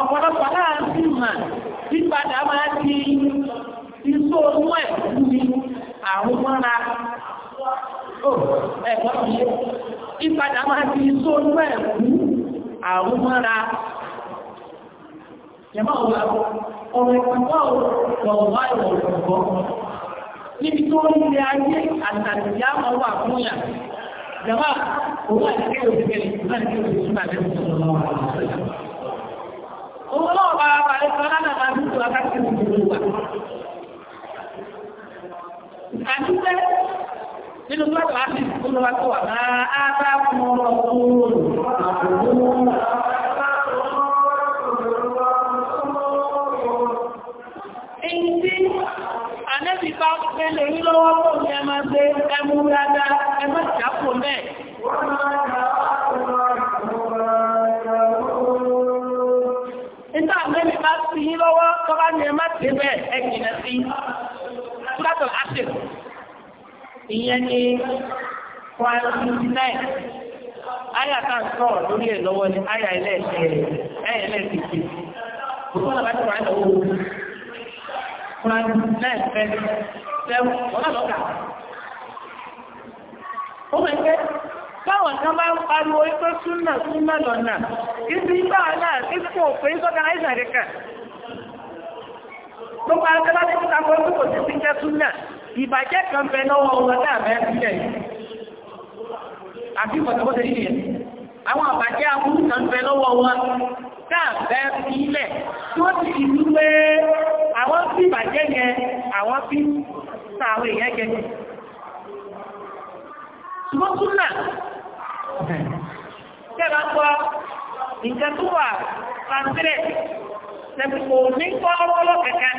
ọ̀pọ̀lọpọ̀ láàrín mà nípadà máa jẹ̀mọ́ àwọn àwọn ọ̀rọ̀ ìpàgbọ́ ọ̀rọ̀ wà ìwọ̀ ìpàgbọ́ níbi tó ń lé ayé àtàlìyá ọwọ́ àkúnyà jẹ̀mọ́ owó àtìkẹ́ òṣìṣẹ́ láti oṣù tó àbẹ́ Owó náà bá wà lẹ́sọ̀ lánàá máa ń tó akáṣí ìgbòho wà. Àdúgbẹ́ nínú tó àtàlásì olùwàkọ̀wà máa á bá fún ọmọ ọmọ bá pẹ́lẹ̀ yí lọ́wọ́ tó ní ẹ máa gbé ẹmú rádá ẹgbẹ́ ìjápò mẹ́. Nígbà mẹ́rin bá sí yí lọ́wọ́ tó bá ní ẹ máa tẹ́ bẹ́ ẹgbìnà sí. Látọ̀ Asif, ìyẹn ni 159. Áyà kan sọ̀rọ̀ lórí ẹ̀ lọ́wọ́ ni áyà ẹlẹ́ẹ̀kẹ́ ẹ̀ẹ́lẹ́ẹ̀kẹ́ Quran lẹ́ẹ̀fẹ́ báwọn kan bá ń pariwo ipé súnà súnà lọ́nà, ibi báwọn náà ti kò pé na àìsàn rẹ̀kà. Gbogbo akẹ́lá ti kúta kọ́ pé kò sí jẹ́ súnà, ìbàjẹ́ kan bẹ lọ́wọ́ na dáàbẹ́ dáàbẹ́ ilẹ̀ tí wọ́n ti fi wé àwọn tí ìbàjẹ́ yẹn àwọn tí sàwọn èèyàn jẹ jẹ. Ṣùgbọ́n tún náà, tẹ́bà gbọ́ nǹkan tó wà pàṣẹ́lẹ̀ tẹ̀kù ní kọ́ ọlọ́lọ́ kẹ̀kẹ́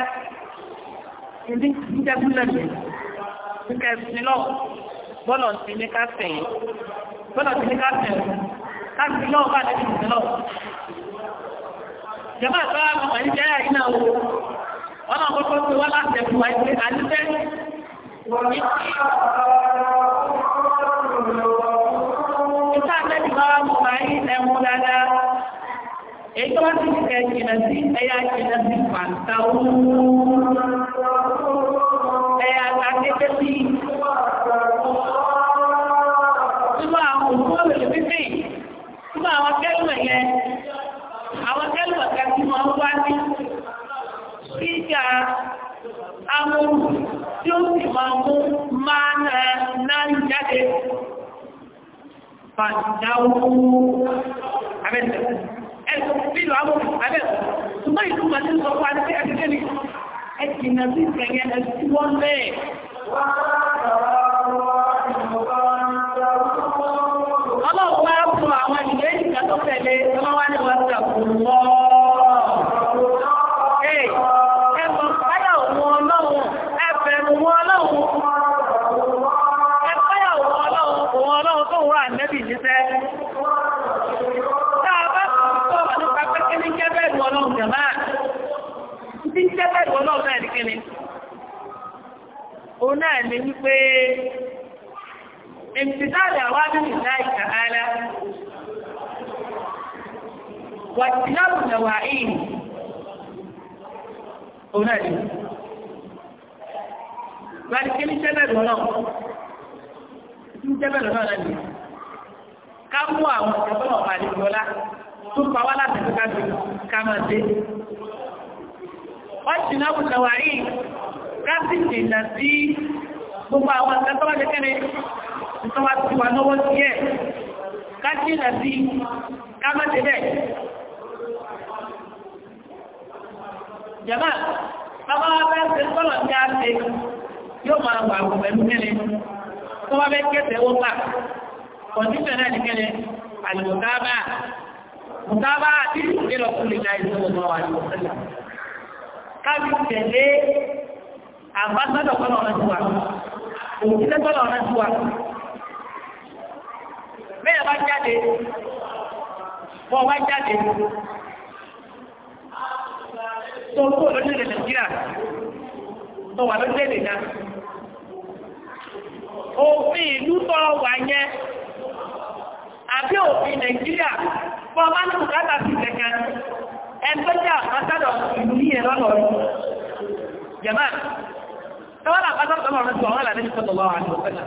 ìdí ìjẹ́gúnlẹ̀ nǹkan ẹ̀sìn náà bọ́lọ̀ ti ní ká fẹ̀yìn bọ́lọ̀ ti ní ká fẹ̀yìn ká sì náà bá lẹ́yìn náà jẹ́mọ́ àgbà ọmọ ìjẹ́ àìyíná wo ọmọ àkọ́kọ́ tó wá láti ẹ̀kùn àìsí àdífẹ́ ìta àtẹ́jú bá mú àyí ẹ̀mú dáadáa èyí tó wá sí ìfẹ́ ìjìnà sí ẹ̀yà ìjìnà sí pàǹtà ẹ̀yà àtẹ́jẹ́ sí Nígbà àwọn òṣùwọ̀n lè fi fi, àwọn akẹ́rù ẹ̀yẹ dídá amóhùn tí ó sì máa mú máa náà jáde fàdáwó abẹ́sẹ̀ ẹ̀sùn bílò amóhùn abẹ́sẹ̀ ṣùgbọ́n fún adé ẹgbẹ́ ní ẹ̀sìnà sí ìkẹyẹ ẹ̀sùn wọ́n bẹ́ẹ̀ ọlọ́pàá kí ni òun náà ni wípé ìmìtìtàdà wá ní ìlà ìtàhálà wà tí lábùn náà wà ìyìn òun náà ni wà ní kí ní tẹ́bẹ̀ lọ́nà ní tẹ́bẹ̀ lọ́nà náà ni ká mú àwọn ìjọba ọ̀pàdé lọ́lá tó pa wá láti ẹ̀kọ́ ká ọ̀ṣìnà òṣèwàrí kásìtì ìnà sí gbogbo àwọn akẹ́kọ̀ọ́ jẹ́kẹ́rẹ́ ìtọ́wà ti wà lọ́wọ́ sí ẹ̀ kásìtì ìnà sí kámẹ́tẹ̀ bẹ́ẹ̀ jẹ́mà bàbá wa bẹ́ẹ̀ ṣe tọ́lọ̀ ní àṣẹ yóò máa wà wọ̀ pẹ̀lú kẹ́lẹ́ tó wá bẹ́ẹ̀ kẹ́sẹ̀ ó bà kọ̀ǹdíṣẹ̀ náà ní kẹ́lẹ́ àlùmọ̀tábà mọ̀tábà àti ìlọ̀kùnrin káàbí tẹ̀lé àbásádọ̀ kọ́nà ọ̀nà tiwa òkúté kọ́nà ọ̀nà tiwa mẹ́yà bá jáde bọ́ wá jáde tó kó lórílẹ̀ nàìjíríà tó wà lórílẹ̀ náà òfin ìlú tó wà yẹn àbí òfin nàìjíríà bọ́ bá ní ẹgbẹ́jà pátádọ̀ ìlú ní ẹ̀rọ lọ́rọ̀ jẹ̀má tọ́wọ́lá pátádọ̀ lọ́rọ̀ tí wọ́n lànà ìfẹ́ tọ́lọ́ àti òfẹ́lá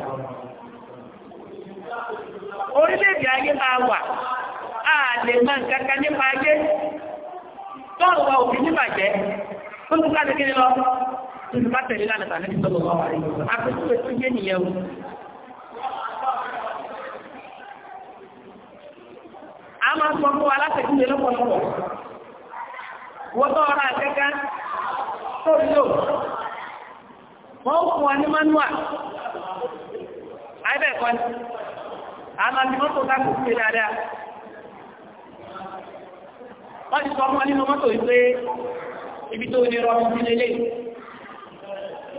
orílẹ̀-èdè ayé máa wà á lè máa ń kankan nípa ayé tọ́rọ̀ wa òfin níbàjẹ́ ó tún láti kí ni lọ tún bá tẹ̀lé lánàá tàbí ìfẹ́ tọ́lọ́ àti òfẹ́lá a máa sọ fún wa láti ìdílé lọ́pọ̀lọpọ̀ wọ́tọ́ ọ̀rá akẹ́kẹ́ tó lò wọ́n fún ọ ní manúà àìbẹ̀ẹ̀kọ́ ni àmà ní mọ́tò ká kò pé dáadáa wọ́n ti sọ fún nínú mọ́tò wípé ibi tó lè rọ sí lélẹ̀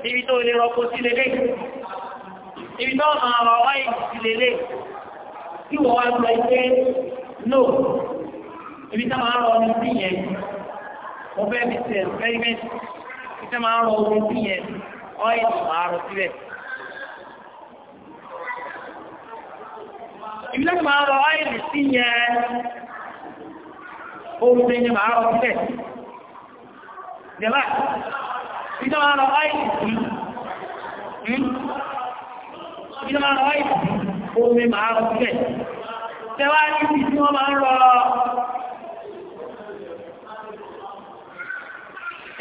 ibi tó lè rọ kó lélẹ̀ ibi tó máa rọ wáyé sí lélẹ̀ tí wọ́n wá lọ ipé no ibi tá máa rọ ní sí yẹn mo fẹ́ mi ṣe experiment títí máa ń rọ omi sí yẹn ọ́ìlì máa rọ síbẹ̀. ìbí láti máa rọ ọ́ìlì sí yẹn omi ni máa rọ síbẹ̀. jẹ́lá títí máa rọ ọ́ìlì sí títí hmm? máa rọ ọ́ìlì sí omi máa rọ síbẹ̀. tẹ́wàá ní ti tí wọ́n máa ń rọ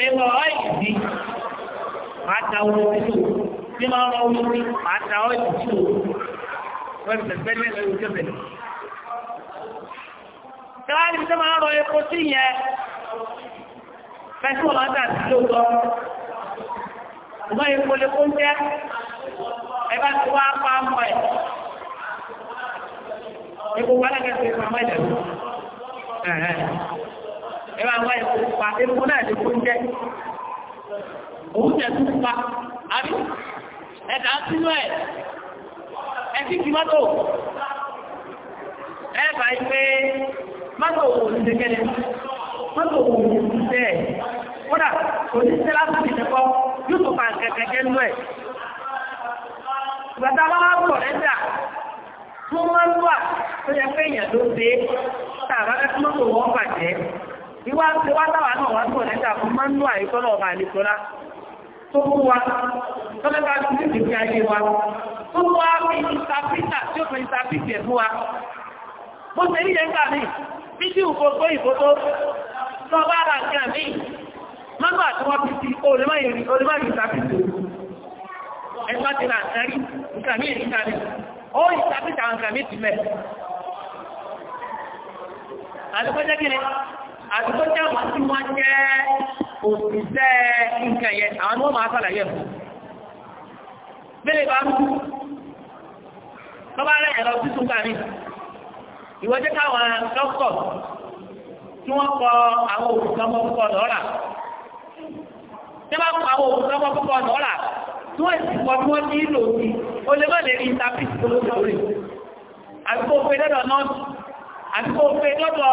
mímọ̀ ọ́ìdì àtàwọn òṣìṣò mímọ̀ ọ̀rọ̀ orí àtàwọn òṣìṣò wẹ́bẹ̀rẹ̀ lẹ́gbẹ̀rẹ̀ Tẹ́wàá ní máa rọ epo sí yẹn, fẹ́sùn ọ̀dá sí lóòtọ́. Ọgbọ́n epo lè kó ń jẹ́, ẹbá ti wá pa mọ́ ẹ̀. Epo wọ́n lágẹ́ ẹ máa wá epo pupa epo náà lè fún jẹ òun jẹ tó pupa àbí ẹ̀dá sínú ẹ̀ ẹ ti fi mọ́tò ẹ bá yí pé mọ́tò òun ti ṣe kẹ́lẹ́ mọ́tò òun ti ṣe ẹ̀ kódà kò ní ṣe láti fi ṣe kọ́ yóò tó fa kẹ̀kẹ́ kẹ́ nú ẹ̀ gbàtà bá wà pọ̀ lẹ́dà tó wọ́n wà tó yẹ pé èèyàn ló ṣe é tàbá kẹ́kọ́ mọ́tò wọ́n bàjẹ́ ìwá ti wá táwà náà wá tó ọ̀nẹ́ta fún máa ń lọ ọba àdìsọ́lá tó kú wa tọ́lẹ́ta ti ní ìdíje ayé wa tó kú wa fi tí ó fi ìsàpítì ẹ̀ fún wa bó ṣe níyẹn gbà mí bí tí òkò tó bá nǹkan mọ́gbà tí wọ́n fi ti olùmọ́yìn ẹ̀fọ́ ti nǹkan ó àdúgbò tí àwọn tí wọ́n jẹ́ òṣìṣẹ́ nǹkan yẹn àwọn ni wọ́n máa sàlàyé fún bẹ́lẹ̀ bá ń kú lọ́bàá rẹ̀ lọ sí túnkà ní ìwọ jẹ́ káwọn dókítọ̀ tí wọ́n kọ àwọn òṣìṣẹ́ ọmọ púpọ̀ lọ́ra tí wọ́n kọ àwọn òṣìṣẹ́ ọmọ púpọ̀ lọ́ra tí wọ́n sì kọ tí wọ́n ní ìlò sí o lè má lè rí ìtàpìtì tó lóṣòrè àti kó o pe lọ́dọ̀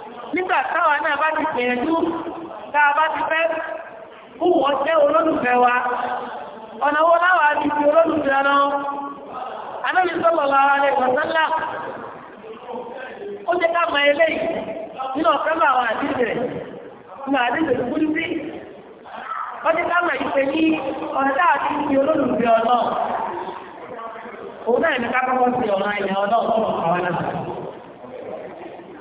nígbà táwa náà bá ti gbìyànjú tá a bá ti fẹ́ kú wọ́n jẹ́ olólùfẹ́ wa ọ̀nà wo láwa ti fi olólùfẹ́ lọ anábì sallallahu alaihi wasallam ó jẹ́ ká mọ eléyìí nínú ọ̀fẹ́ mọ àwọn àdíjẹ nínú àdíjẹ tó kúrú sí ó jẹ́ ká mọ ìpè ní ọ̀dá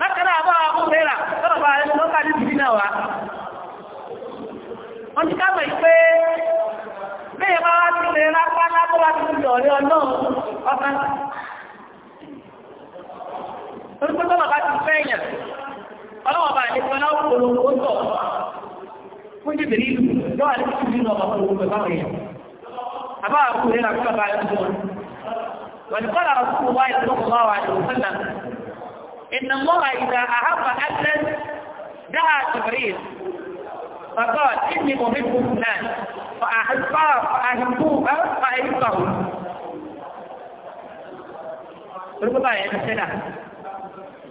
lákàrà àbọ̀ àkúrẹ́rà tọ́rọ̀bà lọ́kà ní ìdí náà wá wọ́n ti káàmọ̀ ìpé bẹ́ẹ̀ bá wá ti lè rápá látọ́ wá ti lọ rí ọlọ́run ọkàn orúkọ tọ́lọ̀ bá ti fẹ́ èèyàn ọlọ́wọ̀ bá ní pẹ̀lú ọkùnrin ó tọ̀ fún jìbìrì ìlú lọ́wọ́ ní kí ìlú ọmọ ọkùnrin إن الله إذا أحب أبدا دعا جبريل فقال إني أحب فلان فأحبه فأحبوه فأحبه ربما يا فاحبه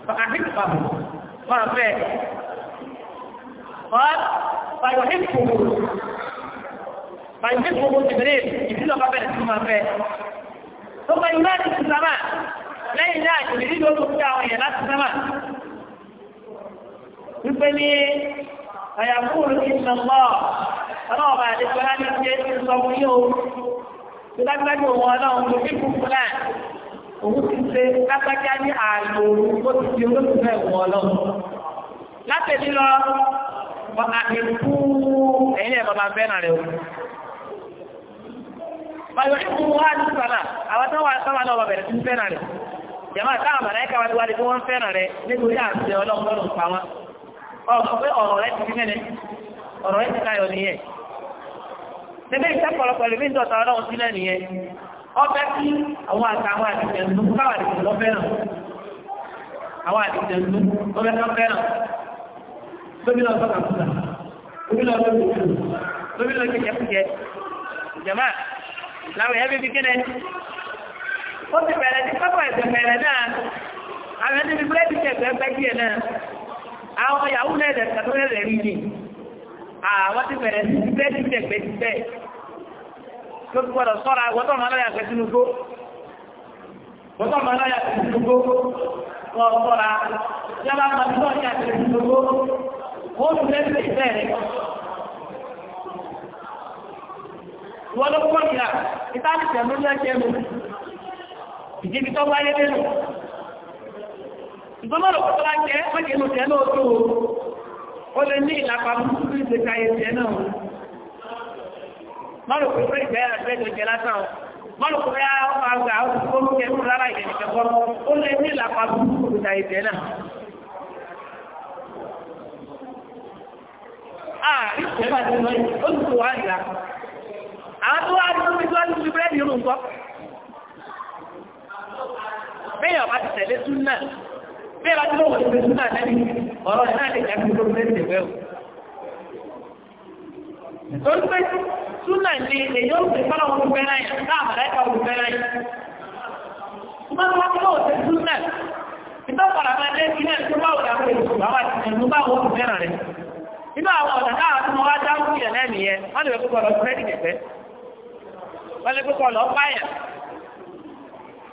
فأحبه فأحبه فاحبه فأحبه فأحبه جبريل يفيد الله فاحبه ثم ينادي في الزمان lẹ́yìn náà kò ní ló lókè àwọn èèyàn láti sẹ́mà wípé ní àyàkúrò ìṣẹ̀ mọ́ ọlọ́ọ̀bà àdéjọ́ láti ṣe sọ fún yóò tó dágbájú òun ọlọ́run ló fi kú fún náà òun ti ṣe lápájá ní ààlò òun ó ti di olóṣù náà wọ̀ ọlọ́run látẹ̀lí lọ ọ̀nà ìkú ẹ̀yìn ẹ̀ bàbá bẹ́ẹ̀ náà rẹ̀ o. Bàbá ìkú wá ní sàlà, àwọn tó wà sábà náà wà bẹ̀rẹ̀ sí bẹ́ẹ̀ náà rẹ̀ jẹ́mọ́ táwọn màláíkà wájú wájú tí wọ́n fẹ́ràn rẹ nítorí àṣẹ ọlọ́pọ̀lọ́ pa wọn ọkọ̀ pé ọ̀rọ̀ rẹ ti fi mẹ́lẹ̀ ọ̀rọ̀ rẹ ti káyọ̀ nìyẹn níbi ìṣẹ́pọ̀lọpọ̀ ìlú ní ìdọ̀ta ọlọ́run sílẹ̀ nìyẹn ọbẹ̀ kí àwọn àtàwọn àdìjẹ̀nú káwọn àdìjẹ̀nú lọ fẹ́ràn àwọn àdìjẹ̀nú ọbẹ̀ kan fẹ́ràn lóbi lọ sọ́kà kúta lóbi lọ lóbi kúta lóbi lọ kẹ̀kẹ́ kúkẹ́ ìjọba láwọn ẹ̀yẹ́ bíbí kéde ó ti bẹ̀rẹ̀ ní pápá ẹ̀sẹ̀ bẹ̀rẹ̀ náà àwọn ẹni bíbélì ti tẹ̀sẹ̀ gbẹ́gbẹ́ yẹn náà àwọn yahoo náà ẹ̀dẹ̀ tẹ̀sẹ̀ tó rẹ̀ rí ni àwọn ti bẹ̀rẹ̀ sí bíbélì ti tẹ̀gbẹ́ ti tẹ̀ tó ti gbọdọ̀ sọ́ra wọ́tọ̀ ọmọ aláya pẹ̀ sínú gbó wọ́tọ̀ ọmọ aláya pẹ̀ sínú gbó kọ́ sọ́ra yàrá máa tó ọjà pẹ̀ sínú gbó ó ti bẹ̀rẹ̀ ti bẹ̀rẹ̀ wọ́n ló pọ̀ ìdíbi tó wáyé lẹ́nu ìgbọ́mọ̀rọ̀ kọ́ bá jẹ́ mọ́jẹ́ inú tẹ́ náà tó ó lè ní ìlàpá fún ìgbésẹ̀ ayé tẹ́ náà mọ́rọ̀ kò fẹ́ ìgbẹ́ àgbẹ́jọ jẹ lásán mọ́rọ̀ kò fẹ́ ọmọ àgbà ó ń kẹ́ fún rárá ìdẹ̀nìkẹ́ bọ́ ó lè ní ìlàpá fún ìgbésẹ̀ ayé tẹ́ náà Àwọn tó wá ní ọdún tó bẹ́ẹ̀ ní ìrùn kọ́. bẹ́ẹ̀ ọba ti tẹ̀lé súnà bẹ́ẹ̀ bá ti lọ́wọ́ tẹ̀lé súnà lẹ́yìn ọ̀rọ̀ náà lè jẹ́ kó lè tẹ̀wẹ́ o. Torí pé súnà ni èyí ó ti fọ́nà wọn fẹ́ náà yẹn náà màláìka wọn fẹ́ náà yẹn. Wọ́n bá ti lọ́wọ́ tẹ̀lé súnà ìtọ́kọ̀rọ̀ máa lé sí náà tó bá wùdà pé àwọn àtìmẹ̀lú bá wọ́n tó fẹ́ràn rẹ̀. Inú àwọn ọ̀nà náà tí wá dáhùn ìyẹn náà wọ́n lè kókọ̀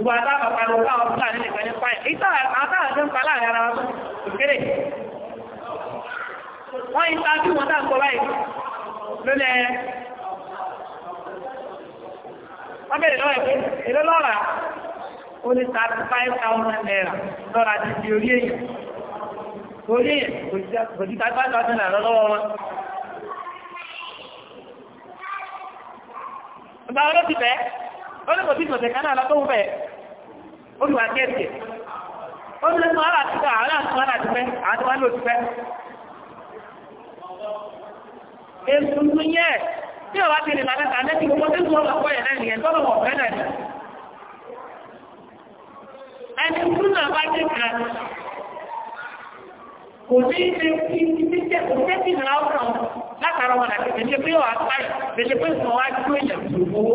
Ìgbà táwọn pariwo káwọn Fúlàní nìkan ní fáìn. Ìta àtàwọn tó ń pa láàrin ara wọn tó kéré. Wọ́n yí ta bí wọ́n dá ń kọ báyìí lólẹ̀ wọ́n bẹ̀rẹ̀ lọ́wọ́ ẹ̀kọ́ èlò lọ́ra ó ní 35,000 naira lọ́ra ti di orí èyí orí èyí kò jí 35,000 naira lọ́wọ́ wọn ìgbà ọlọ́pìtẹ́ ọlọ́pọ̀ tí ìgbọ̀nsẹ̀ kan náà lọ́pọ̀ bẹ̀ olùwà kẹ́ẹ̀kì ó ti lẹ́sùn ara àti àwọn àtúnwà láti fẹ́ àtúnwà ló ti fẹ́ èsù ń tún yẹ́ tí ọ̀rọ̀ ti rìn lálẹ́ta lẹ́sì gbogbo tí wọ́n lọ́pọ̀ yẹ̀ lẹ́yìn ẹ̀ tọ́lọ̀ wọ̀n fẹ́lẹ̀ ni ẹni tún náà bá dé kan kò ní ṣe kí ní jẹ́ kò jẹ́ kí nìra ọ̀rọ̀ látara wọn àti ìṣẹ́ pé ọ̀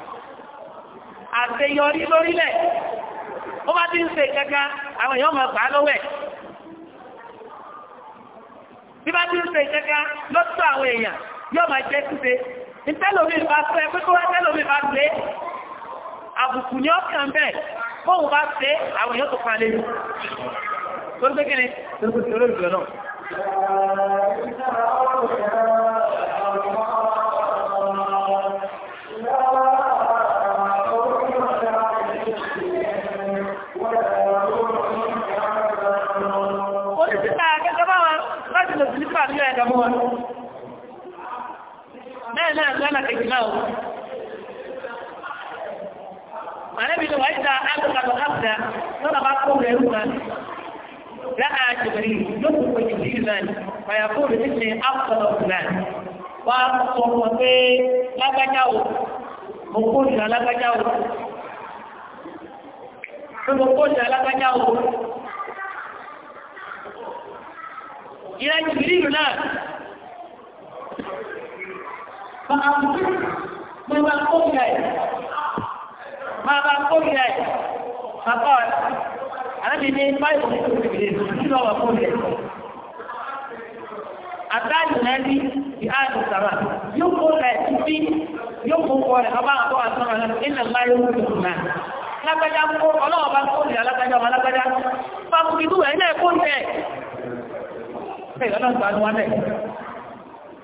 àṣeyọrí lórílẹ̀ ó bá ti ń ṣe kankan àwọn èèyàn máa gbà lọ́wọ́ ẹ̀ bí bá ti ń ṣe kankan lọ́tọ̀ àwọn èèyàn yóò máa jẹ́ síse ìtẹ́lómi bá fẹ́ pé kó wá tẹ́lómi bá gbé àbùkù ní ọkàn bẹ́ẹ̀ bóun bá ṣe àwọn èèyàn tó pa lé Torí pé kí ni? Torí pé kí ni sálà kejìlá o. Àlẹ́bí ni wàá ta àgùkàtọ̀ àfẹ́ lọ́nà bá kó rẹ̀ rú kan. Láà jìbìrì yóò kó jìbìrì náà ni, bàyà kó rẹ̀ ní àkọsọ̀ náà. Wà á sọ fún ọ pé lágbájá máa mú mo máa kó ìyá ẹ̀ máa máa kó ìyá ẹ̀ bàbá ọ̀rẹ́ àlejò ní báyìí ní ìdílé nínú ọ̀rọ̀ kó ìyá ẹ̀. Àtàlù náà ní ìhàdù sàrà yóò kó ìyá ẹ̀ sí yóò kó kọ rẹ̀ ọba àtọ́ àtọ́ra náà nílẹ̀ máa yóò kó ìyá náà. Alágbájá kó ọlọ́wọ́ bá kó ìyá alágbájá wọn alágbájá. Fàkùnkì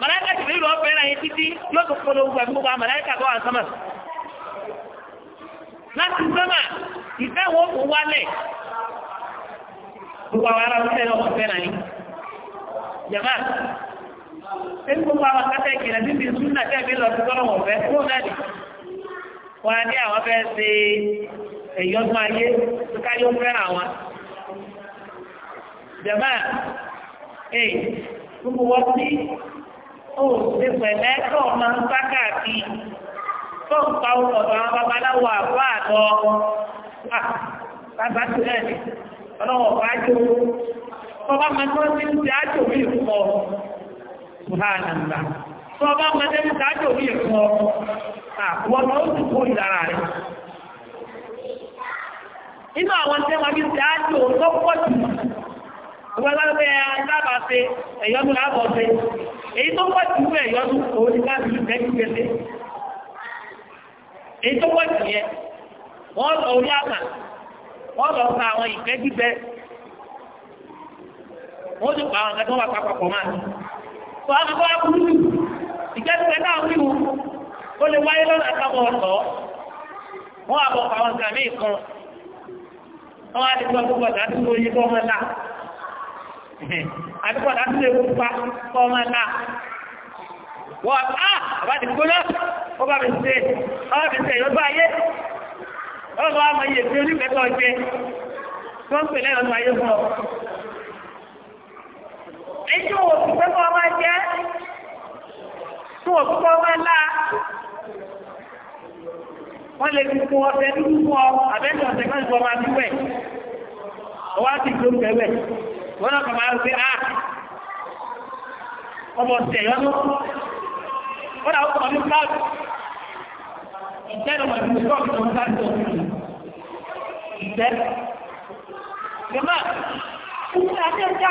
màláìkà tìbí lọ bẹ̀rẹ̀ yẹn títí yóò tó kọ́ lóògùn àbí gbogbo àwọn màláìkà tó wà sọ́mà láti sọ́mà ìfẹ́ wọn kò wálẹ̀ gbogbo àwọn ará fẹ́ lọ́wọ́ bẹ̀rẹ̀ yẹn jẹ̀má ẹni gbogbo àwọn akátẹ́ ìkìlẹ̀ níbi ìsúnà tẹ́ẹ̀bí lọ sí tọ́lọ́wọ̀ fẹ́ kó náà nì wọ́n á ní àwọn fẹ́ ṣe ẹ̀yọ́nú ayé tó káyọ́ fẹ́ràn àwọn jẹ̀má eh, gbogbo wọn ti ó ṣe pẹ̀lẹ́ tó o máa ń sá káàkiri tó ń pa ọ̀rọ̀ àwọn babaláwo àbá àtọ́ bàbá tó rẹ̀ ní ọlọ́wọ́ bá jò ọba mẹ́tọ́ sí ti ájò bí ìfọ́ ṣùhánàlá tó ọba mẹ́tọ́ sí ti ájò bí ìfọ́ àwọn ọmọ oṣù kó ìdára rẹ̀ inú àwọn tẹ́wọ́n bí ti ájò tó pọ̀ jù Ìwọ́láwẹ́ alábàáṣe ẹ̀yọ́nú lábọ̀ọ́ṣe. Èyí tó pọ̀ jù ẹ̀yọ́nú òun Èyí tó pọ̀ jù yẹ, wọ́n lọ orí àmà, wọ́n lọ pa àwọn ìtẹ́jú Wọ́n ti pa àwọn akẹ́kọ̀ọ́ wà papọ̀ máa àtúkọ̀dá sílé pupa ọmọ náà wọ́n á ah, bàbá ti gbóná ó bá mi ṣe ọmọ mi ṣe ìyọ́gbá ayé ọmọ àmọ́ iye tí onígbẹ̀tọ̀ jẹ tó ń pè lẹ́yìn ọdún ayé fún ọ. ẹjọ́ òṣìṣẹ́ kọ́ máa jẹ́ fún òṣìṣẹ́ ọmọ náà wọ́n lè fi fún ọ̀sẹ̀ dúdú fún ọ àbẹ́tọ̀ ọ̀sẹ̀ kan ìfọ̀mọ́ àdúgbẹ̀ ọwọ́ á ti gbóngbẹ̀ bẹ́ẹ̀ wọ́n náà kọ̀ máa ń pé ah ọmọ ọ̀sẹ̀ yọ́nú wọ́n náà kọ̀ ní káàdì ìtẹ́ lọ́mọ ìlú kọ́ọ̀kì tó ń káàdì tó ń ìtẹ́. Jọba, ìtàkì ọjà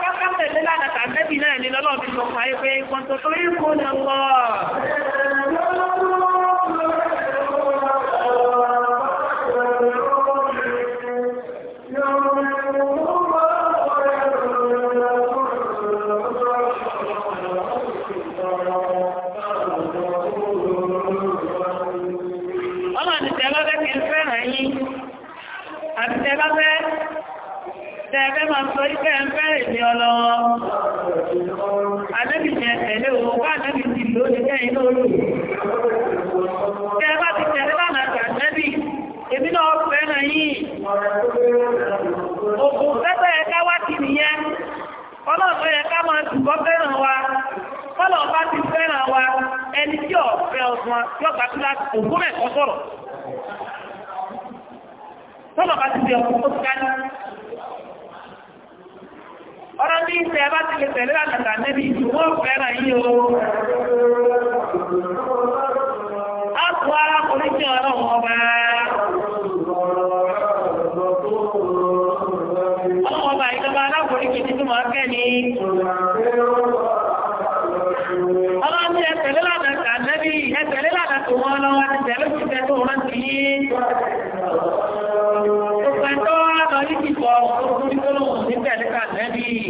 kákàtẹ̀lé lánàá tàbí náà ni lọ́lọ́ ẹgbẹ́ máa sọ ipẹ́ ẹgbẹ́ ìní ọlọ́wọ́. Àdébì jẹ àdébì ti ní ti èmi náà yìí. ẹ̀ká wá nìyẹn. máa fẹ́ràn wa. ti fẹ́ràn wa ẹni tí ọ̀sán tí láti òkú ọ̀rọ̀ ní ìfẹ́ bá ti lè tẹ̀lé àtàtà níbi ìwọ̀n fẹ́ràn yí o a kò arákùnrin tí ọ̀rọ̀ wọn bá ọmọ ọba ìjọba arákùnrin kìí tí máa kẹ́ ni ọ̀rọ̀ ní ẹ̀tẹ̀lé àtàtà níbi ẹ̀tẹ̀lé àtàtà wọn lọ́wọ́ ti tẹ̀lé ti tẹ̀ tó rántí yí Ọ̀pẹ̀tọ́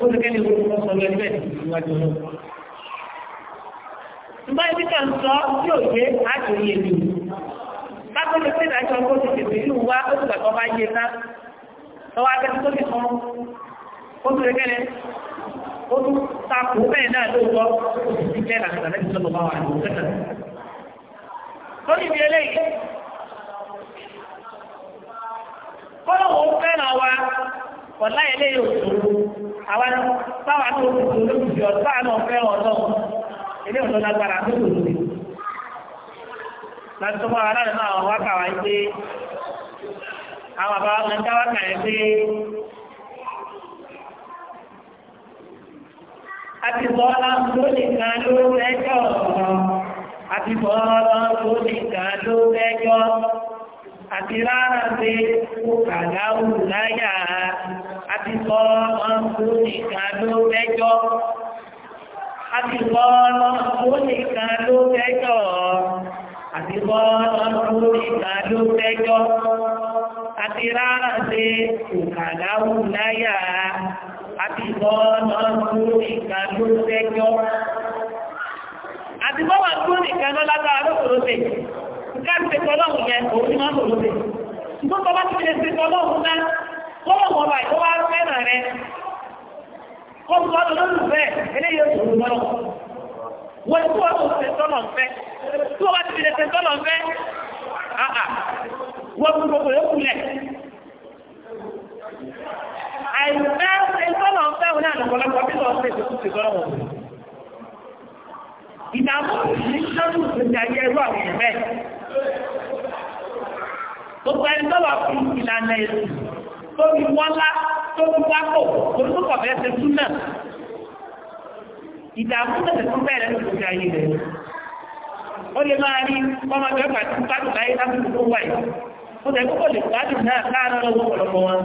ó ti kéde gbogbo ọmọ sọ̀rọ̀ ẹgbẹ́ ìwájú lọ. Nígbà ibi kan sọ tí ò yé àjòyè mi. Bákan lè ṣe ìdájọ́ kó ti tètè yìí wá ó ti gbàgbọ́ bá yé ká. Lọ́wọ́ akẹ́kọ̀ọ́ tó ti kan ó tún lẹ́kẹ́lẹ́ ó tún takò bẹ́ẹ̀ náà lóòótọ́ ó ti jẹ́ làkàtà bá wà ní Lórí eléyìí, fẹ́ràn wa ọ̀la ilé yóò tó àwọn táwa tó kù tó ló fi ọ̀tá náà fẹ́ ọ̀dọ́ ilé ọ̀dọ́ lágbára tó kù lórí. láti tó bá láti náà wá kà wá àwọn àbá wọn wá kà yẹn nìkan kọ́ ọmọ tó nìkan ló rẹ́jọ́ àti kọ́ ọmọ tó nìkan ló rẹ́jọ́ àti kọ́ ọmọ tó nìkan ló rẹ́jọ́ àti rárá ṣe òkàláwù láyà àti kọ́ ọmọ tó nìkan ló rẹ́jọ́ àti bọ́wà tó nìkan ló lágbára lókòrò Káàkiri ọlọ́run yẹn, òun ni máa ń lòlóde. Ṣùgbọ́n tọ́lá ti lè ṣe tọ́lọ́run náà, kọ́lọ̀ wọn bá ìtọ́wá fẹ́ràn rẹ kọ́lù wọn lọ lọ́dún fẹ́ eléyìí oṣù lọ́nà wọ́n tí wọ́n tó ṣe tọ́nà fẹ́ tí wọ́n bá ti lè ṣe tọ́nà fẹ́ àà wọ́n tún gbogbo yókù lẹ̀ àìsẹ́ ṣe tọ́nà fẹ́ wọn náà lọ́pọ̀lọpọ̀ bí wọ́n ṣe tuntun ṣe tọ́nà wọn. ìdààmú ní sọ́dún ìgbésí ayé ẹrú àwọn ìbẹ́ gbogbo ẹni tọ́wọ́ fún ìlànà ètò tó fi wọ́lá tó fi wákò torí tó kọ̀ fẹ́ ṣe súnà ìdààmú tẹ̀sẹ̀ tó bẹ̀rẹ̀ ló fi ayé rẹ̀ ó lè máa rí ọmọ ẹgbẹ́ pàtó gbádùn láyé lásìkò tó wà yìí ó lè kókò lè gbádùn náà káàárọ̀ lọ́wọ́ ọ̀pọ̀lọpọ̀ wọn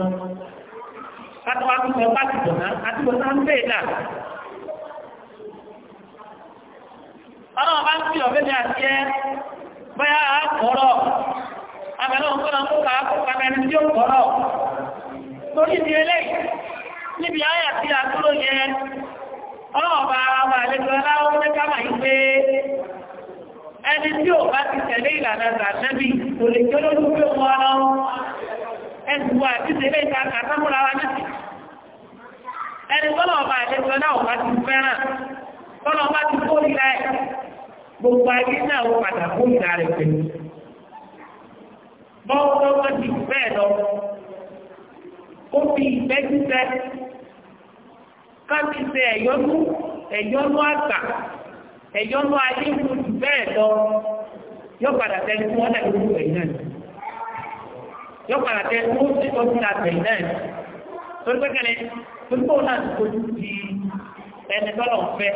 pátápá tó sọ bá ti dùn náà àti bọ̀ náà ń bèè náà ọlọ́run bá ń fi ọ̀bẹ́ ní àti ẹ́ bóyá àkọ́rọ̀ àbẹ̀lẹ́ òǹkọ́nà kó kàá kó kàá torí ti eléyìí níbi ayà tí a dúró yẹn ọlọ́ọ̀bá ọba àlejò aláwọ̀ ní ká máa ẹni tí ò bá ti tẹ̀lé ìlànà tàbí kò lè jẹ́ olóògbé wọn lọ ẹgbùgbọ́ àti tẹ̀lé ìta àtàkùnra wa kó fi ìfẹ́ sísẹ́ káàkiri ṣe ẹ̀yọ́nú ẹ̀yọ́nú àgbà ẹ̀yọ́nú ayé fún jù bẹ́ẹ̀ lọ yóò padà tẹ́lẹ̀ fún ọ́nà ìlú ẹ̀yìn náà yóò padà tẹ́lẹ̀ fún ọ́nà ìlú ẹ̀yìn náà torí pé kẹ́lẹ́ torí pé òun náà ti kojú di ẹni tọ́lọ̀ ń fẹ́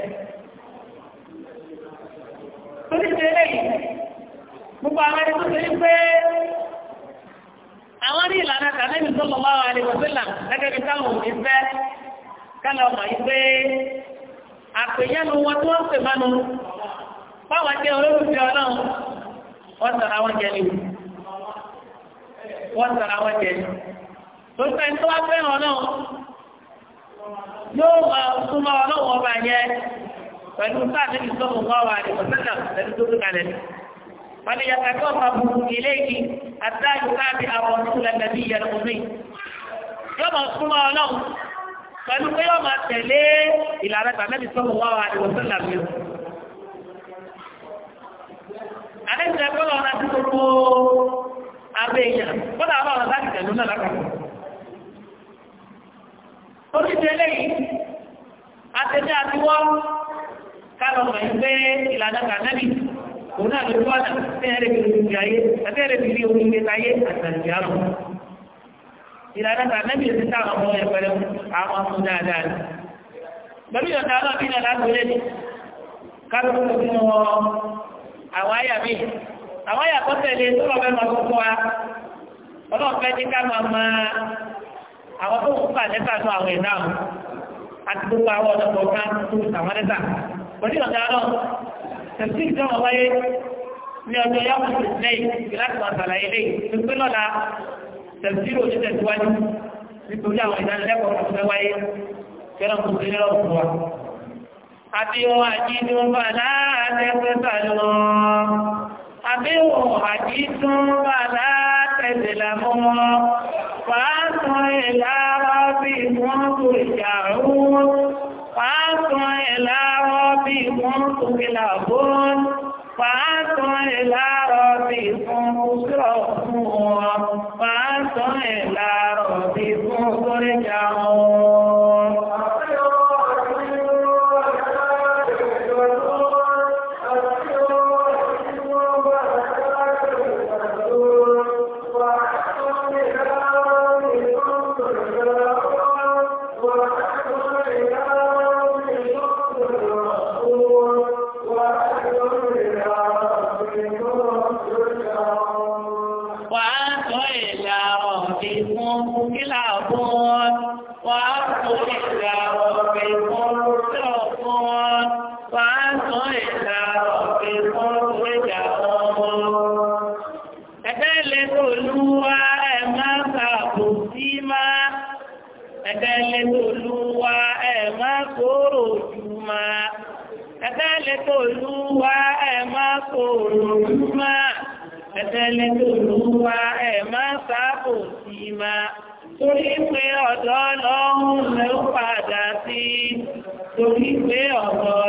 torí ṣe eléyìí gbogbo àwọn ẹni tó ṣe ń pé àwọn ní ìlànà tàbí sallallahu alaihi wasallam gẹ́gẹ́ bí táwọn òbí fẹ́ kálọ̀ mọ̀ yí pé àpèyánu wọn tí wọ́n pè mánu báwọn jẹ́ olólùfẹ́ ọlọ́run wọ́n sọ̀rọ̀ àwọn jẹ́ nìyí wọ́n sọ̀rọ̀ àwọn jẹ́ nìyí tó fẹ́ tó wá fẹ́ ọlọ́run yóò máa súnmọ́ ọlọ́run ọba yẹn pẹ̀lú sáà níbi sọ́kùnkọ́ wà ní ọ̀sẹ̀ náà lẹ́nu tó tó kalẹ̀ nìyí. فليتقربوا إليه حتى يتابع الرسول النبي الأمي يوم الصلاة له pẹ̀lú pé yọ́ máa tẹ̀lé ìlànà tàbí sallallahu alaihi wasallam mi. Àdéjìdẹ̀ kọ́lọ̀ ọ̀nà tí gbogbo abẹ́ èèyàn, kọ́lọ̀ àwọn ọ̀nà láti òun náà lórí wà tẹ́ẹ̀rẹ́ bí orí ìgbé ayé àtẹ́ẹ̀rẹ́ bí orí ìgbé ayé àtàlùjì àrùn ìlànà tà nẹ́bí èsì táwọn ọmọ ẹ̀ pẹ̀lú àwọn ọmọ dáadáa ni pẹ̀lú ìyọ̀ta náà bí náà láti lé ní kálukú fún àwọn àyà mi àwọn àyà tó tẹ̀lé tó lọ fẹ́ máa gbogbo wa ọlọ́run fẹ́ ní ká máa ma àwọn tó kú pàdẹ́sà tó àwọn ìdáhùn àti gbogbo àwọn ọ̀dọ́ kọ̀ọ̀kan tó àwọn ẹ̀dẹ́sà pẹ̀lú ìyọ̀ta náà tẹ̀sí ìjọba wáyé ní ọjọ́ yàtọ̀ lẹ́yìn láti máa sàlàyé lẹ́yìn tó pé lọ́la tẹ̀sí ìrò ní tẹ̀síwájú nítorí àwọn ìdánilẹ́kọ̀ọ́ tó fẹ́ wáyé kẹ́rọ̀ tó fi lọ́wọ́ fún wa. àbí wọn àjí ni wọn bá láàárẹ̀ فأعطوا إلى ربكم تغلبون فأعطوا إلى ربكم تشركون فأعطوا إلى ربكم ترجعون ẹni tó lù wá ẹ̀ má sáàbò sí máa torí pé ọ̀dọ́ lọ́hùn ló padà sí torí pé ọ̀dọ́